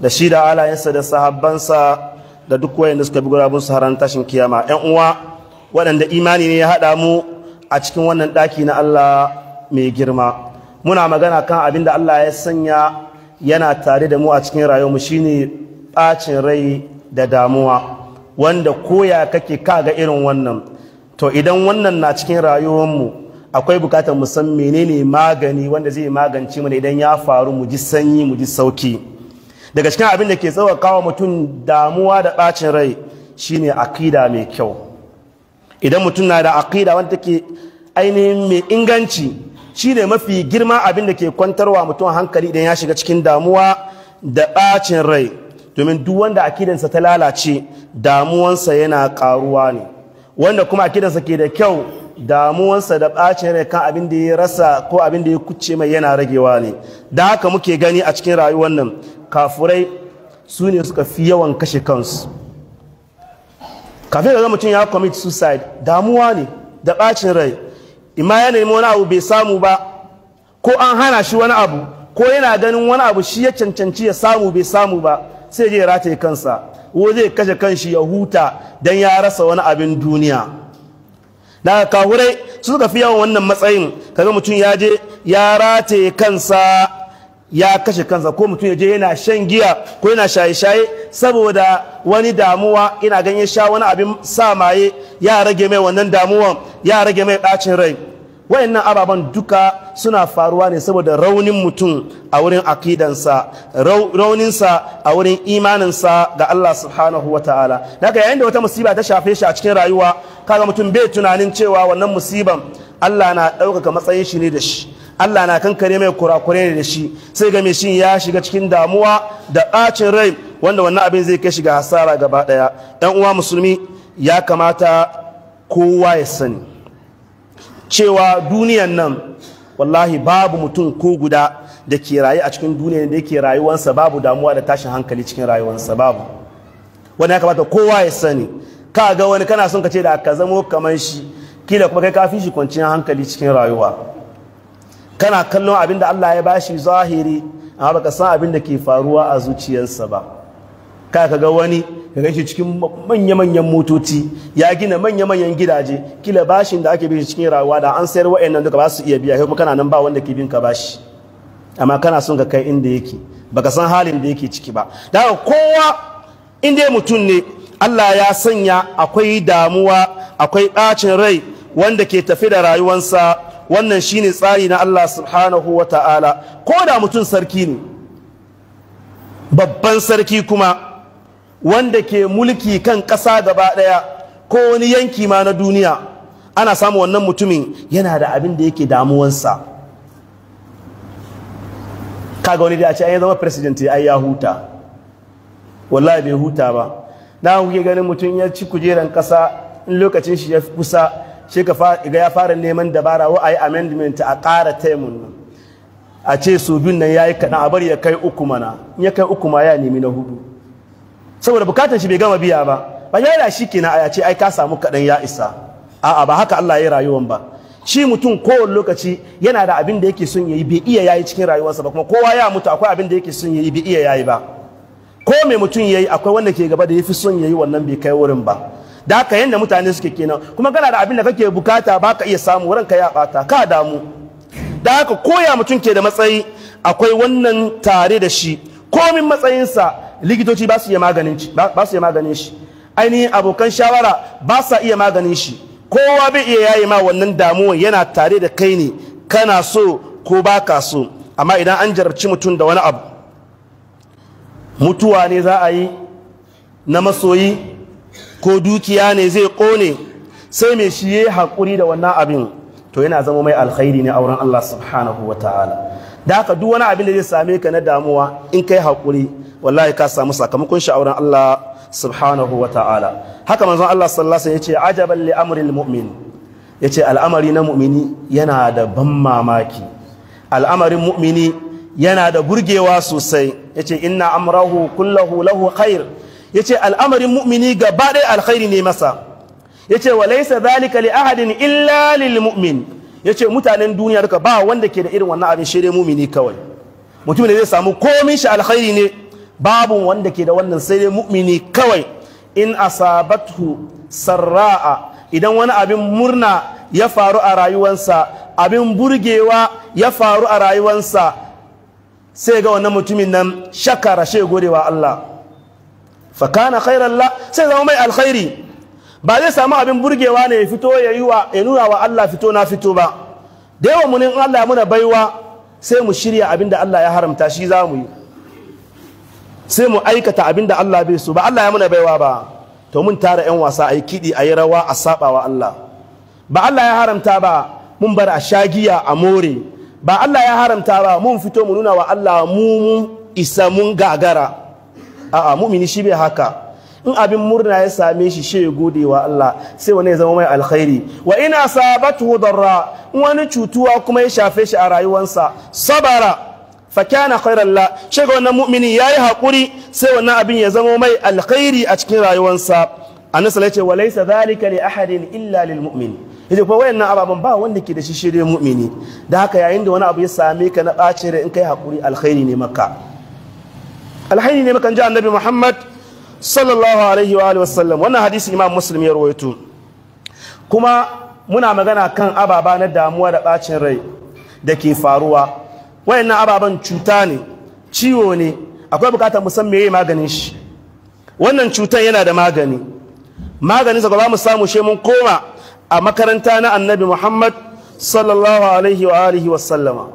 da shida alayensa da sahabbansa da duk wayanda suka bi gurabun su haran tashin kiyama ƴan uwa waɗanda imani ne ya haɗa mu a cikin wannan ɗaki na Allah mai girma muna magana kan abin da Allah ya sanya yana tare da mu a cikin rayuwarmu shine ɓacin rai da damuwa wanda koya kake kaga irin wannan to idan wannan na cikin mu, akwai bukatar mu san menene magani wanda zai magance mana idan ya faru mu ji sanyi mu ji sauki daga cikin abin da ke kawo mutum damuwa da ɓacin rai shine akida mai kyau idan mutum na da akida wanda take ainihin mai inganci shine mafi girma abin da ke kwantarwa mutum hankali idan ya shiga cikin damuwa da ɓacin rai domin duk wanda akidansa ta lalace damuwansa yana ƙaruwa ne wanda kuma akidansa ke da kyau damuwansa da ɓacin rai kan abin da ya rasa ko abin da ya kuce mai yana ragewa ne da haka muke gani a cikin rayuwar nan kafurai su ne suka fi yawan kashe kansu kafin zama mutum ya commit suicide damuwa ne da ɓacin rai ima ya nemi wani abu bai samu ba ko an hana shi wani abu ko yana ganin wani abu shi ya cancanci ya samu bai samu ba sai je ya rataye kansa ko zai kashe kanshi ya huta don ya rasa wani abin duniya daga kahurai su suka fi yawan wannan matsayin kaga mutum ya je ya rataye kansa ya kashe kansa ko mutum ya je yana shan giya ko yana shaye-shaye saboda wani damuwa ina ganye sha wani abin sa maye ya rage mai wannan damuwan ya rage mai ɗacin rai wayannan ababen duka suna faruwa ne saboda raunin mutum a wurin akidansa rauninsa a wurin imaninsa ga Allah subhanahu wa ta'ala daga yayin da wata musiba ta shafe shi a cikin rayuwa kaga mutum bai tunanin cewa wannan musiban Allah na ɗaukaka matsayin shi ne da shi Allah na kankare mai kurakure ne da shi sai ga shi ya shiga cikin damuwa da ɓacin rai wanda wannan abin zai kai shiga hasara gaba ɗaya ɗan uwa musulmi ya kamata kowa ya sani cewa duniyan nan wallahi babu mutum ko guda da ke rayu a cikin duniya da yake rayuwansa babu damuwa da tashin hankali cikin rayuwansa babu wani ya kamata kowa ya sani ka ga wani kana son ka ce da ka zamo kamar shi kila kuma kai ka fi shi kwanciyar hankali cikin rayuwa kana kallon abin da Allah ya bashi zahiri amma baka san abin da ke faruwa a zuciyarsa ba ka kaga wani ya ganshi cikin manya-manyan motoci ya gina manya-manyan gidaje kila bashin da ake bin cikin rayuwa da an sayar wa'annan duka ba su iya biya kuma kana nan ba wanda ke bin ka bashi amma kana son ka kai inda yake baka san halin da yake ciki ba da kowa inda mutum ne Allah ya sanya akwai damuwa akwai bacin rai wanda ke tafi da rayuwarsa wannan shine tsari na Allah subhanahu wa ta'ala ko da mutum sarki ne babban sarki kuma wanda ke mulki kan ƙasa gaba ɗaya ko wani yanki ma na duniya ana samun wannan mutumin yana da abin da yake damuwansa kaga wani da a ce an yi zama president ya ya huta wallahi bai huta ba na kuke ganin mutum ya ci kujeran ƙasa in lokacin shi ya kusa shi ka ga ya fara neman dabara wa a yi amendment a ƙara taimun nan a ce su biyun nan ya yi kaɗan a bari ya kai uku mana in ya kai uku ma ya nemi na hudu saboda bukatar shi bai gama biya ba ba ya da shi ke a ya ce ai ka samu kaɗan ya isa a'a ba haka Allah ya rayuwan ba shi mutum kowane lokaci yana da abin da yake son ya yi bai iya ya yi cikin rayuwarsa ba kuma kowa ya mutu akwai abin da yake son ya yi bai iya ya yi ba ko mai mutum ya yi akwai wanda ke gaba da ya fi son ya yi wannan bai kai wurin ba da haka yanda mutane suke kenan kuma kana da abin da kake bukata ka iya samu ranka ya bata ka damu da haka koya mutum ke da matsayi akwai wannan tare da shi komin matsayinsa likitoci ba su iya maganin shi ainihin abokan shawara ba sa iya maganin shi kowa bai iya yayi ma wannan damuwan yana tare da kai ne kana so ko baka so amma idan an jarabci mutum da wani abu mutuwa ne za a yi na masoyi ko dukiya ne zai kone sai mai shi yi haƙuri da wannan abin to yana zama mai alkhairi ne a wurin Allah subhanahu wa ta'ala da haka duk wani abin da zai same ka na damuwa in kai haƙuri wallahi ka samu sakamakon shi a wurin Allah subhanahu wa ta'ala haka manzon Allah sallallahu alaihi wasallam ce ajaban li amril mu'min yace al'amari na mu'mini yana da ban mamaki al'amarin mu'mini yana da burgewa sosai yace inna amrahu kullahu lahu khair yace al'amarin mu'mini gaba ɗaya alkhairi ne masa yace ce laysa zalika li ahadin illa lil mu'min yace mutanen duniya duka ba wanda ke da irin wannan abin shirye mu'mini kawai mutumin ne zai samu komin shi alkhairi ne babu wanda ke da wannan sai mu'mini kawai in asabathu sarra'a idan wani abin murna ya faru a rayuwarsa abin burgewa ya faru a rayuwarsa sai ga wannan mutumin nan shakara shi godewa Allah fakana khairan la sai zama mai alkhairi ba zai samu abin burgewa ne ya fito ya yi wa ya nuna wa Allah fito na fito ba da yawan mu in Allah muna baiwa sai mu shirya abin da Allah ya haramta shi za mu yi sai mu aikata abin da Allah bai so ba Allah ya muna baiwa ba to mun tara yan wasa a yi kiɗi a yi rawa a saba wa Allah ba Allah ya haramta ba mun bar a shagiya a more ba Allah ya haramta ba mun fito mu nuna wa Allah mu mun isa mun gagara a'a mu'mini shi bai haka in abin murna ya same shi shi ya gode wa Allah sai wani ya zama mai alkhairi wa in sabatu darra wani cutuwa kuma ya shafe shi a rayuwarsa sabara fa kana khairan la shi ga wannan mu'mini yayi hakuri sai wannan abin ya zama mai alkhairi a cikin rayuwarsa annabi sallallahu alaihi wa laysa li ahadin illa lil mu'min yace ko wayannan ababen ba wanda ke da shi shirye mu'mini da haka yayin da wani abu ya same ka na da in kai hakuri alkhairi ne maka alhaini ne makan ji annabi muhammad sallallahu alaihi wa alihi wasallam wannan hadisi imam muslim ya rawaito kuma muna magana kan ababa na damuwa da bacin rai da ke faruwa wayannan ababan cuta ne ciwo ne akwai bukatar mu san meye maganin shi wannan cutan yana da magani maganin sa ba mu samu shi mun koma a makaranta na annabi muhammad sallallahu alaihi wa alihi wasallama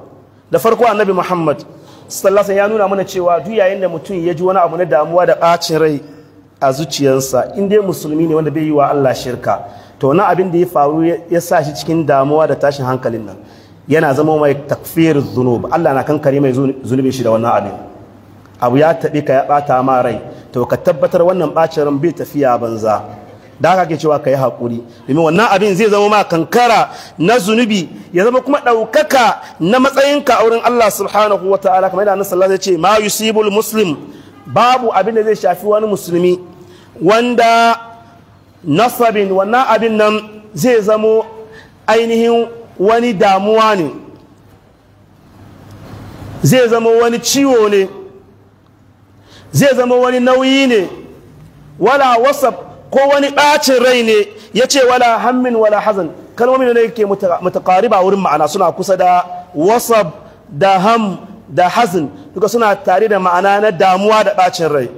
da farko annabi muhammad sallasa ya nuna mana cewa duk yayin da mutum ya ji wani abu na damuwa da ɓacin rai a zuciyarsa in dai musulmi ne wanda bai yi wa Allah shirka to wani abin da ya faru ya sa shi cikin damuwa da tashin hankalin nan yana zama mai takfir zunub Allah na kankare mai zunubi shi da wannan abin abu ya taɓi ka ya ɓata ma rai to ka tabbatar wannan ɓacin ran bai tafiya banza da haka ke cewa ka yi haƙuri domin wannan abin zai zama ma kankara na zunubi ya zama kuma ɗaukaka na matsayinka a wurin Allah subhanahu wa ta'ala kamar yadda annabi sallallahu ce ma yusibul muslim babu abin da zai shafi wani musulmi wanda nasabin wannan abin nan zai zama ainihin wani damuwa ne zai zama wani ciwo ne zai zama wani nauyi ne wala wasab ko wani ɓacin rai ne ya ce wala hammin wala hazan kalmomin ne yake mutakariba wurin ma'ana suna kusa da wasab da ham da hazin duka suna tare da ma'ana na damuwa da ɓacin rai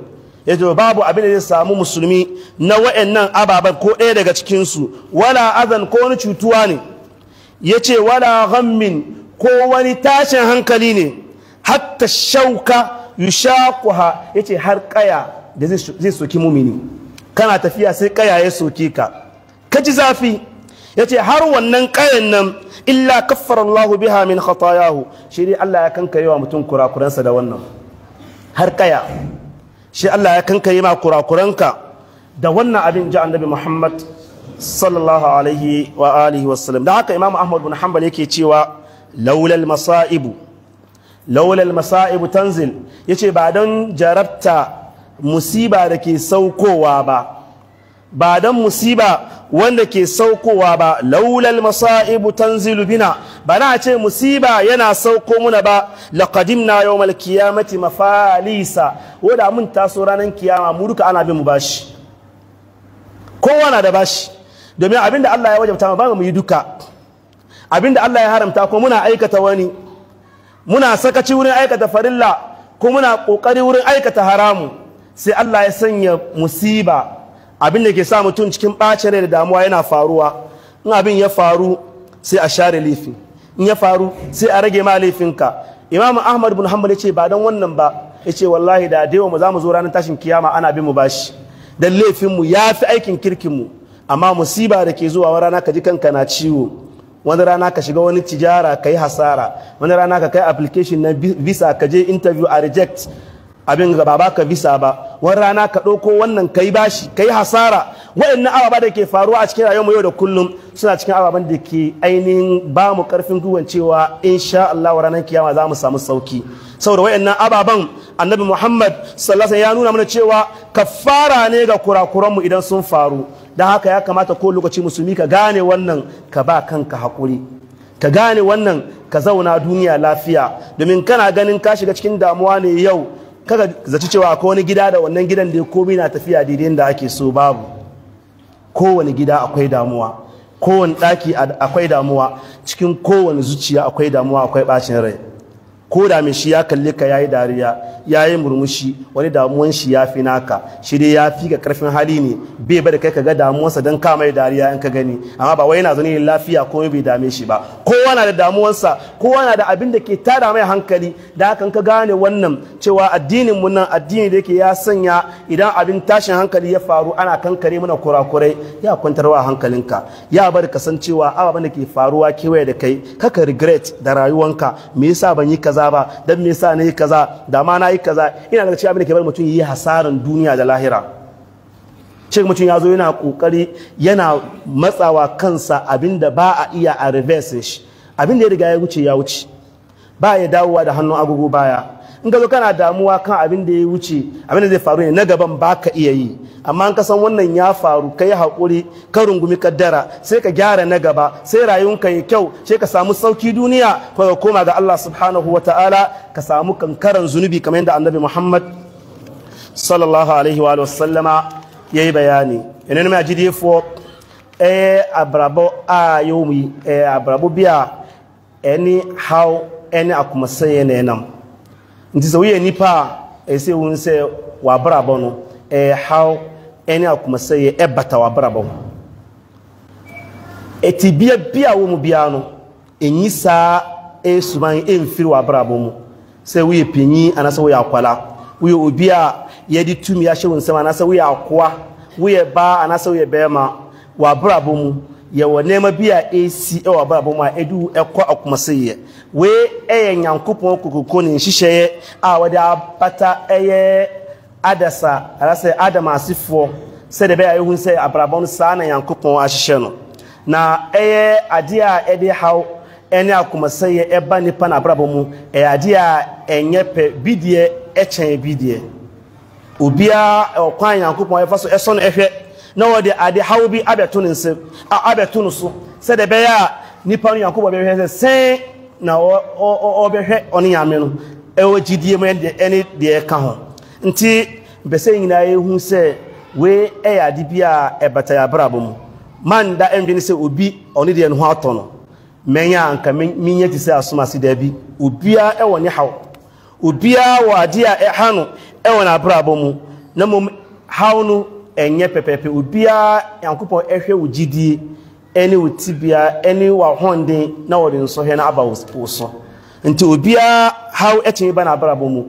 ya ce babu abin da zai samu musulmi na wa'annan ababen ko ɗaya daga cikinsu wala azan ko wani cutuwa ne ya ce wala ghammin ko wani tashin hankali ne hatta shauka yushaquha ya ce har ƙaya da zai soki mumini kana tafiya sai kaya ya soke ka ka ji zafi ya ce har wannan kayan nan illa kaffarallahu biha min khatayahu shi Allah ya kankaye wa mutum kurakuransa da wannan har kaya shi Allah ya kankaye ma kurakuranka da wannan abin ji annabi Muhammad sallallahu alaihi wa alihi wasallam da haka Imam Ahmad bin Hanbal yake cewa laulal masaibu laulal masaibu tanzil yace ba don jarabta musiba da ke saukowa ba ba don musiba wanda ke saukowa ba laulal masaibu tanzilu bina ba na ce musiba yana sauko muna ba yau malkiya mati mafalisa wadda mun taso ranar kiyama mu ana bin mu bashi kowana da bashi domin abinda Allah ya wajabta ba mu yi duka abinda Allah ya haramta ko muna aikata wani muna sakaci wurin aikata farilla ko muna kokari wurin aikata haramu sai Allah ya sanya musiba abin da ke sa mutum cikin ɓace rai da damuwa yana faruwa in abin ya faru sai a share laifi in ya faru sai a rage ma laifinka imamu ahmad bin ya ce ba dan wannan ba Ya ce wallahi da dai mu za mu zo ranar tashin kiyama ana bin mu bashi dan laifinmu ya fi aikin kirkinmu. amma musiba da ke zuwa wani rana ka ji kanka na ciwo wani rana ka shiga wani tijara ka yi hasara wani rana ka kai application na visa ka je interview a reject abin gaba ba ka bisa ba wani rana ka ɗauko wannan ka yi bashi ka yi hasara waɗannan ababa da ke faruwa a cikin rayuwar yau da kullum suna cikin ababen da ke ainihin ba mu ƙarfin cewa insha Allah ranar kiyama za mu samu sauki saboda waɗannan ababen annabi Muhammad sallallahu ya nuna mana cewa kafara ne ga kurakuranmu idan sun faru da haka ya kamata ko lokaci musulmi ka gane wannan ka ba kanka haƙuri ka gane wannan ka zauna duniya lafiya domin kana ganin ka shiga cikin damuwa ne yau kaga zaci cewa akwai wani gida da wannan gidan da komi na tafiya daidai da ake so babu kowane gida akwai damuwa kowane ɗaki akwai damuwa cikin kowane zuciya akwai damuwa akwai ɓacin rai ko da mai shi ya kalli ka yayi dariya yayi murmushi wani damuwan shi ya fi naka shi dai ya fi ka karfin hali ne bai bada kai ka ga sa don ka mai dariya in ka gani amma ba wai yana zaune lafiya ko bai dame shi ba kowa na da damuwarsa kowa na da abin da ke tada mai hankali da hakan ka gane wannan cewa addinin mu nan addini da yake ya sanya idan abin tashin hankali ya faru ana kankare mana kurakurai ya kwantarwa hankalinka ya bar ka san cewa ababen da ke faruwa kewaye da kai kaka regret da rayuwanka me yasa ban yi kaza kaza ba dan me yasa nayi kaza da ma nayi kaza ina daga cikin abin da ke bar mutum yi hasaran duniya da lahira ce mutum ya zo yana kokari yana matsawa kansa abinda ba a iya a reverse shi abin da ya riga ya wuce ya wuce ba ya dawowa da hannun agogo baya in ka zo kana damuwa kan abin da ya wuce abin da zai faru ne na gaban ba ka iya yi amma in ka san wannan ya faru ka yi haƙuri ka rungumi kaddara sai ka gyara na gaba sai rayuwanka ya kyau sai ka samu sauki duniya ko ka koma ga Allah subhanahu wa ta'ala ka samu kankaran zunubi kamar yadda annabi Muhammad sallallahu alaihi wa sallama ya yi bayani enen fo eh abrabo yomi eh abrabo bia any how sai nan nti sɛ woyɛ nipa a ɛsɛ wo sɛ wabrabɔ no ɛɛhaw ɛne akomasɛyɛ ɛbata wabrabɔ ho ɛti bia bia wɔ mu biara no ɛnyi saa ɛsuban ɛmfiri wabrabɔ mu sɛ woyɛ panyin anaasɛ woyɛ akwala woyɛ obi a yɛde tumi ahyɛ wo nsɛm anaasɛ woyɛ akoa woyɛ baa anaasɛ woyɛ bɛrima wabrabɔ mu yɛwɔ nneɛma bi a ɛsi wɔ abrabɔ mu a ɛdu ɛkɔ akomasɛyɛ wee yɛ nyankopɔn kokoko ne nhyehyɛeɛ a wɔde abata ɛyɛ adasa anasɛ adam asefoɔ sɛdeɛ ɛbɛyɛ a yɛhu sɛ abrabɔ no saa na nyankopɔn ahyehyɛ no na ɛyɛ adeɛ a ɛde haw ɛne akomasɛyɛ ɛba nipa na abrabɔ mu ɛyɛ adeɛ a ɛnyɛ pɛ bideɛ deɛ ɛkyɛn obiara ɛwɔ kwan nyankopɔn ɛfa so ɛsɔ no ɛhwɛ na wɔde ade hawo bi abɛto ne a abɛto no so sɛdeɛ ɛbɛyɛ a nipa no yankobɔ bɛhwɛ sɛ sɛn na ɔbɛhwɛ ɔne nyame no ɛwɔ gyidie mu ɛne deɛ ɛka ho nti mpɛ nyinaa yɛhu sɛ wei ɛyɛ ade bi a ɛbata yɛ abrabɔ mu manda ɛndwene sɛ obi ɔne deɛ no ho atɔ no sɛ asom ase daabi ɛwɔ ne haw wɔ a ɛha no ɛwɔ na mmom haw no ɛnyɛ pɛpɛɛpɛ obiara nyankopɔn ɛhwɛ wo gyidie ɛne wo tibea ɛne w'ahoɔden na wɔde nsɔhwɛ no aba wo so nti obiara haw ɛtumi ba n'abrabɔ mu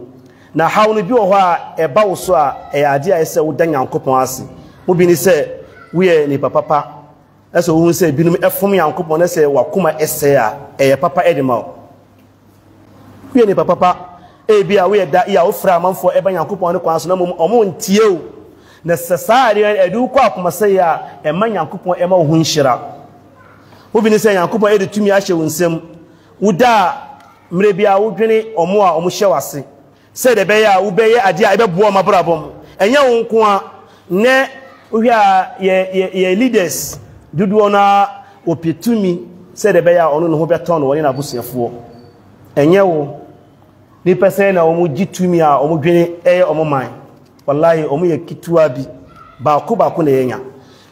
na haw no bi wɔ hɔ a ɛba wo so a ɛyɛ adeɛ a ɛsɛ woda nyankopɔn ase mo bi ni sɛ woyɛ nipa papa ɛsɛ wohu sɛ binom ɛfom nyankopɔn na sɛ wakoma ɛsɛ a ɛyɛ papa ɛde ma wo woyɛ nipa papa ebi a woyɛ da yi a wofra amanfoɔ ɛba nyankopɔn ne kwan so na mmom ɔmo ntie o na sɛ saa adeɛ ɛde wo kɔ akomasɛeɛ a ɛma nyankopɔn ɛma wo ho nhyira wobini sɛ nyankopɔn ɛde tumi ahyɛ wo nsam woda a mmerɛ biara wodwene ɔmo a ɔmohyɛ wo ase sɛdeɛ ɛbɛyɛ a wobɛyɛ adeɛ a ɛbɛboa ɔma brabɔ mu ɛnyɛ wo nko a nɛ wohwɛ a yɛ leaders dodoɔ no a wɔpɛ tumi sɛdeɛ ɛbɛyɛ a ɔno ne ho bɛtɔn no wɔne n'abusuafoɔ ɛnyɛ wo nnipa sɛ na wɔn gye tumi a wɔn dwene ɛyɛ wɔn man wallahi o mu ye kituwa bi ba ko ba ko ne yenya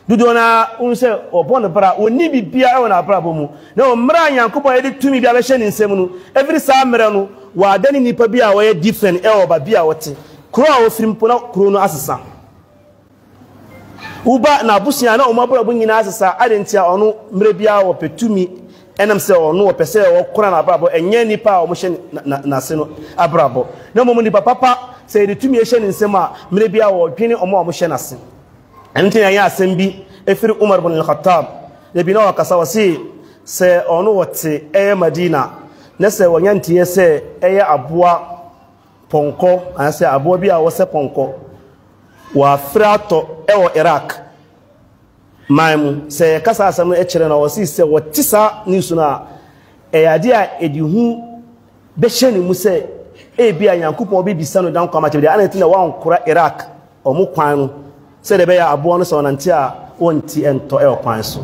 dudu na un se o bon para o ni bi bia e na para bomu na o mra yankobo ye tumi bi abehye ne nsem no every saa mra no wa adani nipa bi a wo ye different e o ba bi a wo te kro a wo firim po na kro no asesa uba na abusia na o mabra bu nyina asesa adentia ono mra bia wo petumi ɛnam sɛ ɔno ɔpɛ sɛ ɔkora n'abrabɔ ɛnyɛ nipa a ɔmo n'ase no abrabɔ na mmom nipa papa sɛ yɛde tumi ɛhyɛ ne nsam a mmerɛ bi a wɔdwene ɔmo a ɔmohyɛ n'ase ɛno nti na ɛyɛ asɛm bi ɛfiri umar bin al-khattab ebi na ɔkasa wɔ se sɛ ɔno wɔte ɛyɛ madina na sɛ wɔnyɛ nteɛ sɛ ɛyɛ aboa pɔnkɔ anaasɛ aboa bi a wɔsɛ pɔnkɔ wɔafrɛ atɔ ɛwɔ iraq man mu sɛ yɛkasa asɛm no ɛkyerɛ no wɔse sɛ wɔte saa ne nsu no a ɛyɛ adeɛ a ɛde hu bɛhyɛ ne mu sɛ ebia nyankopɔn bɛbisa no da nkwa amakyɛ deɛ ana ɛti na woankora irak ɔmo kwan no ya abụọ aboɔ no sɛ ɔnante a wɔnti ɛntɔ ɛwɔ kwan so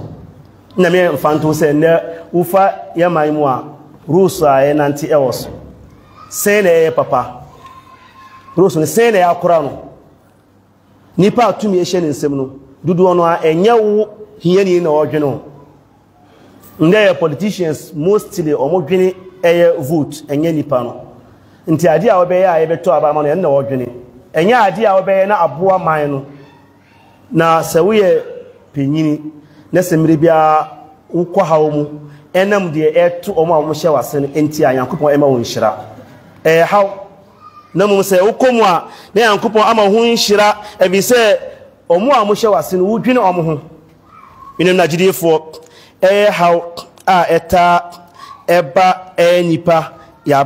na meɛ mfa nto sɛ nnɛ wofa yɛman mu a a ɛwɔ so sɛn na ɛyɛ papa rules no sɛn na yɛakora no nipa a tumi ɛhyɛ ne nsam no dodoɔ no a ɛnyɛ wo na ndɛ yɛ politicians mostly ɔmo dwene ɛyɛ vote ɛnyɛ eh, nti ade a wɔbɛyɛ a yɛbɛtɔ aba ama no ɛnna wɔdwene ɛnyɛ a wɔbɛyɛ na aboa no na sɛ woyɛ panyini na sɛ mmerɛ biara wokɔ haw mu ɛnam deɛ ɛto ɔmo a wɔhyɛ no nti a nyankopɔn ɛma wɔn nhyira ɛyɛ haw na mmom sɛ wokɔ mu a na nyankopɔn ama ho nhyira sɛ a wɔhyɛ no wodwene ho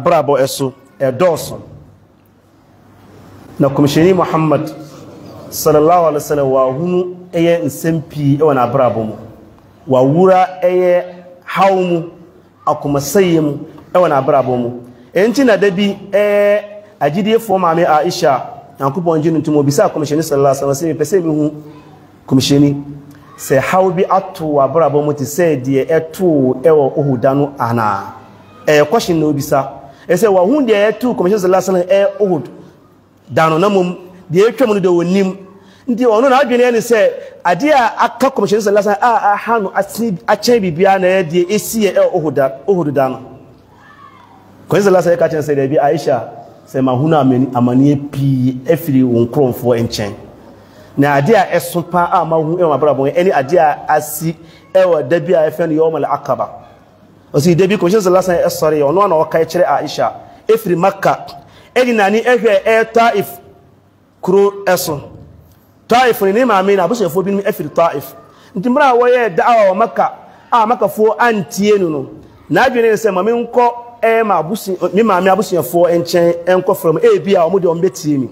ɛyɛ ẹ̀dọ́ọ̀sùn na kọmishini muhammad sallallahu alaihi wasallam wa hunu ẹyẹ nsɛm pii ɛwɔ n'abrabɔ mu wa wura ɛyɛ haw mu akomasɛyɛ mu ɛwɔ n'abrabɔ mu ɛnti na da bi ɛɛ agyidiefoɔ maame aisha nyankopɔn gye no ntom obisa kɔmishini sallallahu alaihi wasallam sɛ mepɛ sɛ mehu kɔmishini sɛ haw bi ato w'abrabɔ mu te sɛ deɛ ɛtoo ɛwɔ ɛsɛ wɔn ho deɛ ɛtu kɔmhyɛn sɛ lasan ɛyɛ old dano na mom deɛ ɛtwa mu no deɛ wɔnim nti ɔno na adwene ne sɛ adeɛ a aka kɔmhyɛn sɛ lasan a aha no akyɛn biribiara na ɛyɛ ɛsi yɛ ɛyɛ old da old no kɔmhyɛn sɛ lasan yɛ ka kyɛn sɛ deɛ bi aisha sɛ ma ho amani amaneɛ pii afiri wɔn nkorɔmfoɔ nkyɛn na adeɛ a ɛso paa a ma ɛwɔ abrabɔ ɛne eh, adeɛ a asi ɛwɔ eh, da bi a ɛfɛ no yɛ akaba ọsọ ide biko jizọ lasan ẹsọrọ eh, ya ọnụọ na ọka ekyere aisha efiri maka ɛdi e nani ɛhwɛ e eh, ɛyɛ taif kuro ɛso taif ni ne maame na abusuafoɔ binom ɛfiri e taif nti mmerɛ a wɔyɛ da'awa wɔ maka a makafoɔ antie no no n'adwene ne sɛ maame nkɔ ɛyɛ ma abusua me maame abusuafoɔ nkyɛn ɛnkɔ fam ebi a wɔn de wɔn bɛtie mi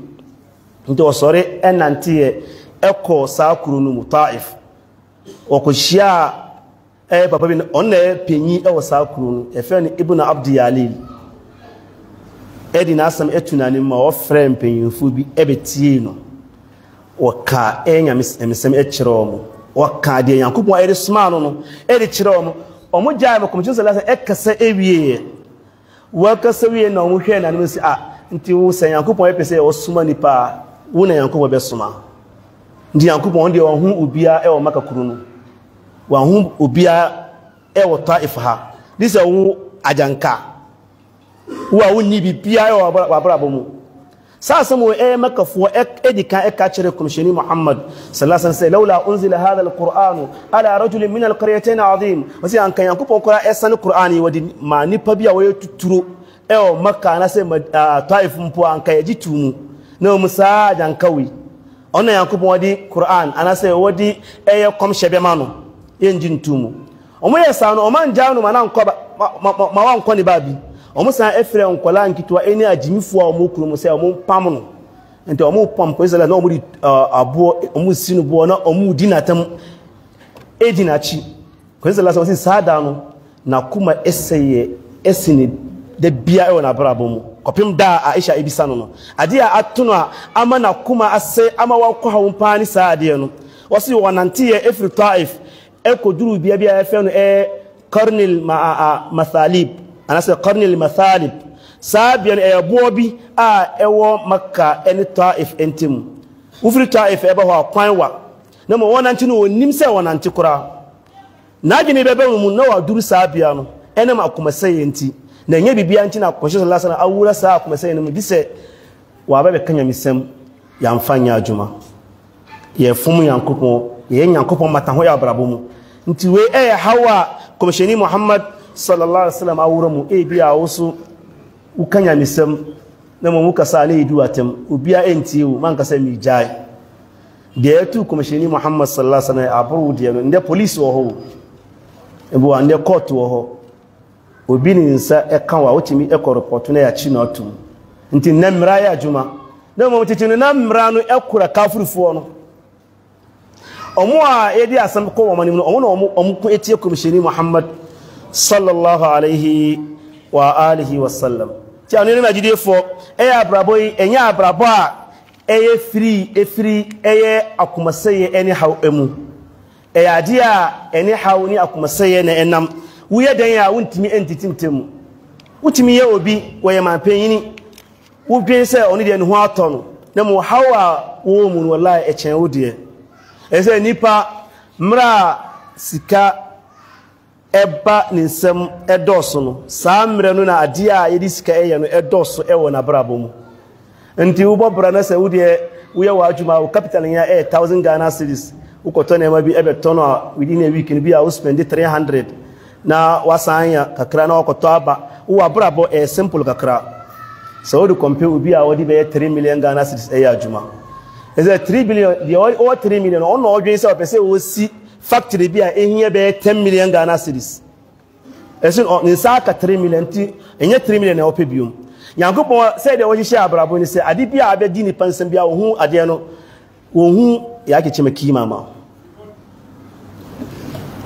nti wɔsɔre ɛnanteɛ ɛkɔ saa kuro no mu taif wɔkɔhyia a. ɛyɛ eh, papa bi ɔno na ɛyɛ panyin ɛwɔ saa kuro no yɛfrɛ no ibn abdi yalil ɛde n'asɛm etu n'anim ma ɔfrɛ mpanyinfoɔ bi ɛbɛtie no Ɔka ɛyɛ nyamesɛm ɛkyerɛ wɔn wɔka deɛ nyankopɔn ɛde soma no no ɛde kyerɛ wɔn wɔn gyaa ɛmɛ kɔmkyɛn sɛ lasa ɛkasa ɛwieɛ wɔkasa wie na wɔn hwɛ n'anim sɛ a ah, nti wo sɛ nyankopɔn ɛpɛ sɛ soma nipa a wo na nyankopɔn bɛsoma nti nyankopɔn deɛ ɔho obiara ɛwɔ maka kuro no wɔahu obiara ɛwɔ taif ha ne sɛ ajanka. agyanka wo a wonni biribiara ɛwɔ w'abrabɔ mu saa asɛm wɔ ɛyɛ makafoɔ ɛdi kan ɛka kyerɛ kɔmhyɛni muhammad salasa sɛ laula unzila hadha alqur'anu ala rajulin min alqaryatain azim wɔsɛ anka nyankopɔn koraa ɛsane qur'an yi wɔde ma nnipa bi a wɔyɛ tuturo ɛwɔ maka na sɛ taif mpo anka yɛgye tu mu na ɔmu saa agyanka wei ɔno nyankopɔn wɔde qur'an anaasɛ wɔde ɛyɛ kɔmhyɛ bɛma no yɛngye nto mu ɔmo yɛ saa no ɔma ngyaa no ma na nkɔ ba ma wankɔ ne baabi ɔmo san afirɛ nkɔlaa nketewa ɛne agyimifoɔ a ɔmo kuro mu sɛ ɔmo pam no nti ɔmo pam kɔ israel na ɔmo de aboɔ ɔmo si no boɔ na ɔmo di n'atam edi n'akyi kɔ israel sɛ ɔsi saa da no n'akoma ɛsɛ yɛ ɛsi ne da bia ɛwɔ n'abrabɔ mu kɔpem da a aisha ebisa no no adeɛ a ato no a ama n'akoma asɛ ama wakɔ ha wɔn paa ne saa adeɛ no wɔsi wɔnante yɛ efiri taif e ko juru biya biya fɛn e a masalib anasa qarnil masalib sabiyan e bobi a e wo makka eni taif entim ufri taif e ba ho kwan wa na mo wonan ti no nim se wonan ti kura na jini bebe mu na wa duru sabiya no ene ma kuma sai enti na nye bibia nti na kwashe lasana alaihi wasallam awura sa kuma sai bi se wa ba be kanya misem ya mfanya adwuma ye fumu yankopon yɛyɛ nyankopɔn mata ho yɛ mu nti we ɛyɛ haw a kɔmhyɛni muhammad sallallahu alaihi wasallam awura mu ebi a wo so woka nyamesɛm na mmom wokasa a na yɛdi watam obia ɛntie wo mankasa mirigyae deɛ ɛtu kɔmhyɛni muhammad sallallahu alaihi wasallam aboro wo deɛ no ndɛ polisi wɔ hɔ o ebuwa ndɛ court wɔ hɔ obi ne nsa ɛka wo a wotumi ɛkɔ report na yɛakyi na ɔtom nti nnɛ mmara yɛ adwuma na mmom tete no na mmara no ɛkora kafurifoɔ no ɔmo a yɛde asɛm kɔ wɔn anim no ɔmo na ɔmo ɔmo etie kɔmhyɛni muhammad sallallahu alaihi wa alihi wa sallam tí a nínú agyidefoɔ ɛyɛ abrabɔ yi ɛnyɛ abrabɔ a ɛyɛ firi efiri ɛyɛ akomasɛyɛ ɛne haw ɛmu ɛyɛ adeɛ a ɛne haw ne akomasɛyɛ na ɛnam wuyɛ dan a wuntumi ɛntitimtem mu wutumi yɛ obi wɔyɛ mampanyini wodwen sɛ ɔno deɛ ne ho atɔ no na mu haw a wɔwɔ mu no wɔlaa ɛkyɛn wo e deɛ ɛsɛ nnipa mra sika ɛba ne nsɛm ɛdɔɔso no saa mmerɛ no na adeɛ a yɛde sika ɛyɛ no ɛdɔɔso ɛwɔ n'abrabɔ mu nti wobɔ bra no sɛ wodeɛ woyɛ wɔ adwuma wo capital nyina ɛyɛ thousand ghana cities wokɔtɔ nneɛma bi ɛbɛtɔ no a within a week no bi a three hundred na wasan anya kakra na wakɔtɔ aba wowɔ abrabɔ ɛyɛ simple kakra sɛ wode kɔmpɛ obi a wɔde bɛyɛ three million ghana cities ɛyɛ adwuma ɛsɛ three billion deɛ ɔwɔ three million ɔno ɔdwen sɛ ɔpɛ sɛ ɔsi factory bi a ehia bɛyɛ ten million ghana cedis ɛsɛ ɔ ne nsa aka three million ti ɛnyɛ three million na ɔpɛ biom nyankopɔn sɛ deɛ wɔhyehyɛ abrabɔ ni sɛ ade bi a abɛdi nipa nsɛm bi a wɔn ho adeɛ no wɔn ho yɛ akyekyɛ mu kii maama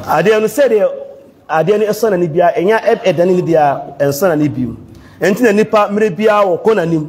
adeɛ no sɛ deɛ adeɛ no ɛsɔ n'ani bia ɛnya ɛdani ni bia ɛnsɔ n'ani biom ɛntina nipa mmerɛ bia wɔkɔ n'anim.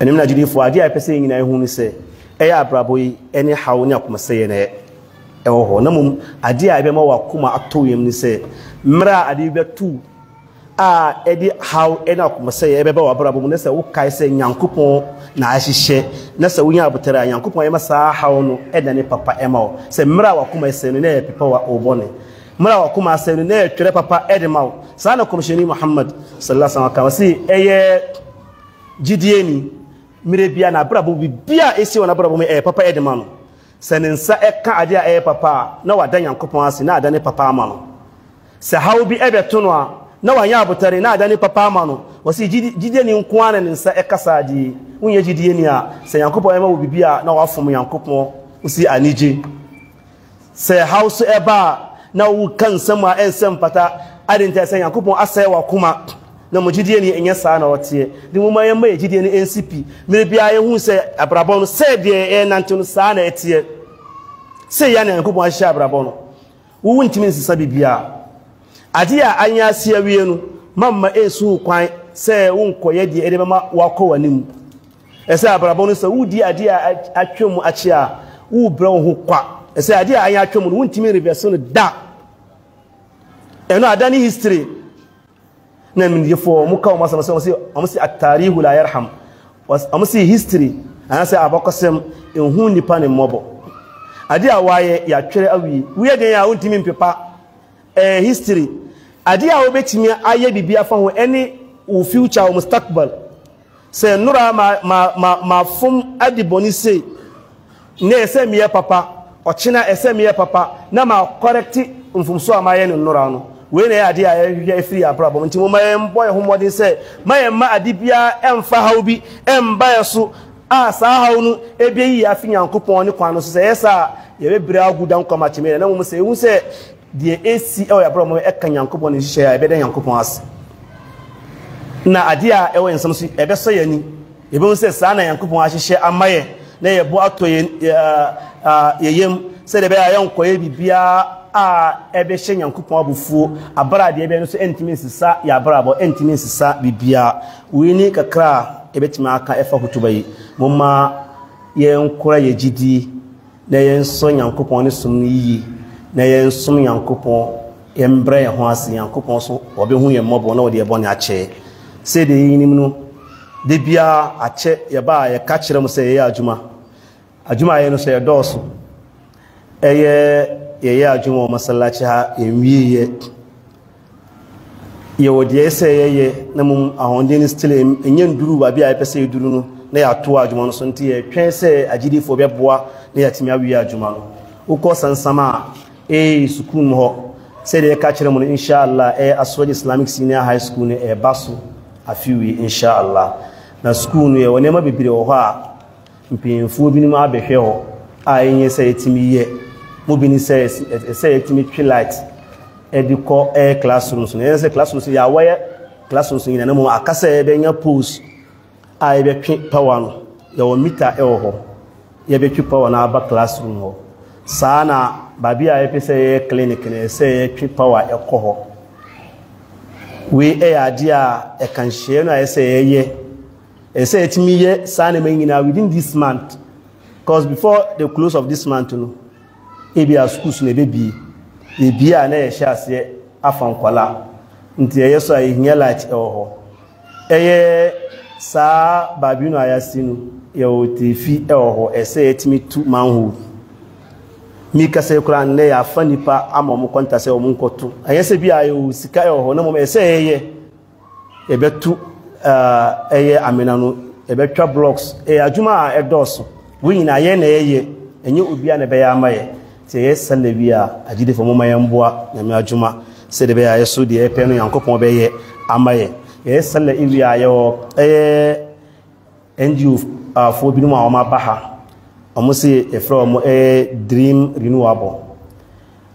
ɛnim na agyidifoɔ adeɛ a ɛpɛ sɛ nyinaa ɛhu no sɛ ɛyɛ e abrabɔ yi ɛne e haw e ne akomasɛyɛ na ɛwɔ hɔ na mmom adeɛ a ɛbɛma wɔ akoma atɔ yam no sɛ mmerɛ a adeɛ bɛtu a ɛde haw ɛne akomasɛyɛ mu na sɛ wokae sɛ nyankopɔn na ahyehyɛ na sɛ wonya abotare a nyankopɔn ɛma saa haw no ne papa ɛma wɔ sɛ mmerɛ a wakoma ɛsɛ no na ɛyɛ pepa wɔ ɔbɔne mmerɛ a wakoma asɛ twerɛ papa ɛde ma wo saa na kɔmhyɛni muhammad sallallahu alaihi wasallam ka wɔ se ɛyɛ gyidieni mmerɛ bia na abrabɔ bibia ɛsi wɔ n'abrabɔ mu ɛyɛ papa ɛde ma no sɛ ne nsa ɛka ade a ɛyɛ papa a na wada nyankopɔn ase na ada ne papa ama no sɛ haw bi ɛbɛto no a na wanyɛ abotare na ada ne papa ama no wɔsi gyidie ni nko ara ne nsa ɛkasa adeɛ wonyɛ gyidie ni a sɛ nyankopɔn ɛma wɔ bibia na wafom nyankopɔn osi anigye sɛ haw so ɛba a na woka nsɛm a ɛnsɛ mpata ade nta sɛ nyankopɔn asɛe wɔ akoma na mo gyidie ni ɛnyɛ saa na ɔteɛ de nwoma yɛn mma yɛ gyidie ni nsipi mmiri biara yɛn hu sɛ abrabɔ no sɛ deɛ ɛnante no saa na ɛteɛ sɛ yɛn na nkupɔn ahyɛ abrabɔ no wowu ntumi nsesa bibiara ade a anya ase awie no mamma esu kwan sɛ wonkɔyɛ deɛ ɛde bɛma wakɔ wɔ anim ɛsɛ abrabɔ no sɛ wodi ade a atwa mu akyi a wobrɛ wo ho kwa ɛsɛ ade a anya atwa mu no wontumi rebɛso no da ɛno ada ne history nan min yefo mu kaw masa masa masa amsi at la yarham amsi history ana sai abakosem in hu ni pa ne mobo ade a waye ya twere awi wiye den ya wontimi mpepa eh history adi a obetimi aye bibia fa ho any wo future wo mustaqbal sai nura ma ma ma, ma fum adi boni sei na ese miye papa ọchina ese miye papa na ma correct mfumso amaye ne nura no wei na ɛyɛ adeɛ a yɛhwehwɛ afiri abrabɔ nti moma yɛmbɔ yɛ ho mmɔden sɛ ma yɛmma ade biara ɛmfa haw bi ɛmba yɛ so a saa haw no ɛbɛyi yɛ afi nyankopɔn ne kwan no so sɛ ɛyɛ saa yɛbɛbrɛ agu da nkɔma kyemɛ na mmom sɛ ɛhu sɛ deɛ ɛsi ɛwɔ abrabɔ ɛka nyankopɔn ne nhyehyɛ a ɛbɛda ya ase na adeɛ a ɛwɔ nsɛm so ɛbɛsɔ yɛ ani yɛbɛhu sɛ saa na a a ɛbɛhyɛ nyankopɔn abufuo abradeɛ bɛn no so ɛntumi nsesa yɛ abrabɔ ɛntumi nsesa bibia wei ne kakra a ɛbɛtumi aka ɛfa hotoba yi moma yɛnkora yɛ gyidi na yɛnsɔ nyankopɔn ne som no yiye na yɛnsom nyankopɔn yɛmbrɛ yɛn ho ase nyankopɔn so ɔbɛhu yɛn mmɔbɔ na wɔde yɛbɔne akyɛ sɛdeɛ yɛnim no de biara akyɛ yɛba a yɛka kyerɛ mu sɛ yɛyɛ adwuma adwuma a yɛ no sɛ yɛdɔɔso ɛyɛ yayi ajuma masallaci ha yemiye yɛ wɔ deɛ ɛsɛ yɛyɛ na mu ahoɔden no still ɛnyɛ nduru baabi a yɛpɛ sɛ yɛduru no na yɛato adwuma no so nti yɛtwɛn sɛ agyidifoɔ bɛboa na yɛatumi awie adwuma no wokɔ sansam a ɛyɛ sukuu mu hɔ sɛdeɛ ɛka kyerɛ mu no inshallah ɛyɛ asɔgye islamic senior high school no ɛɛba so afewie inshaAllah. na sukuu no yɛwɔ nneɛma bebree wɔ hɔ a mpanyinfoɔ binom abɛhwɛ hɔ a ɛnyɛ sɛ yɛtumi yɛ mobini sɛ ɛsɛ yɛtumi twi light ɛde kɔ ɛyɛ classrooms no yɛn sɛ classrooms yɛ awɔyɛ classrooms nyina na mmom akasa yɛbɛnya poles a yɛbɛtwe power no yɛwɔ mita ɛwɔ hɔ yɛbɛtwe power no aba classroom hɔ saa na baabi a yɛpɛ sɛ yɛyɛ clinic no ɛsɛ yɛtwe power ɛkɔ hɔ wei ɛyɛ adeɛ a ɛka nhyiɛ no a ɛsɛ yɛyɛ ɛsɛ yɛtumi yɛ saa nneɛma nyinaa within this month because before the close of this month no ebi a sukuu so na ɛbɛbie ebi a na yɛhyɛ aseɛ afa nkwadaa nti ɛyɛ so a ehia light ɛwɔ hɔ ɛyɛ saa baabi no a yɛasi no yɛwɔ teefi ɛwɔ hɔ ɛsɛ yɛtumi tu manhole mi kasa yi koraa nnɛ yɛafa nipa ama ɔmo kɔnta sɛ ɔmo nkɔto ɛyɛ sɛ bi a yɛwɔ sika ɛwɔ hɔ na mmom ɛsɛ yɛyɛ yɛbɛtu ɛyɛ amena no yɛbɛtwa blocks ɛyɛ adwuma a ɛdɔɔso wɔn nyinaa yɛn na yɛyɛ ɛnyɛ obi a na ɛbɛyɛ ama yɛ sɛ yɛsɛlɛ bi a agyidifoɔ moma yɛmboa nyame adwuma sɛde bɛyɛ a yɛso deɛ yɛpɛ no nyankopɔn bɛyɛ ama yɛ yɛsɛlɛ iwie a yɛwɔ ɛyɛ ngo afoɔ binom a ha ɔmo ɛyɛ dream renewable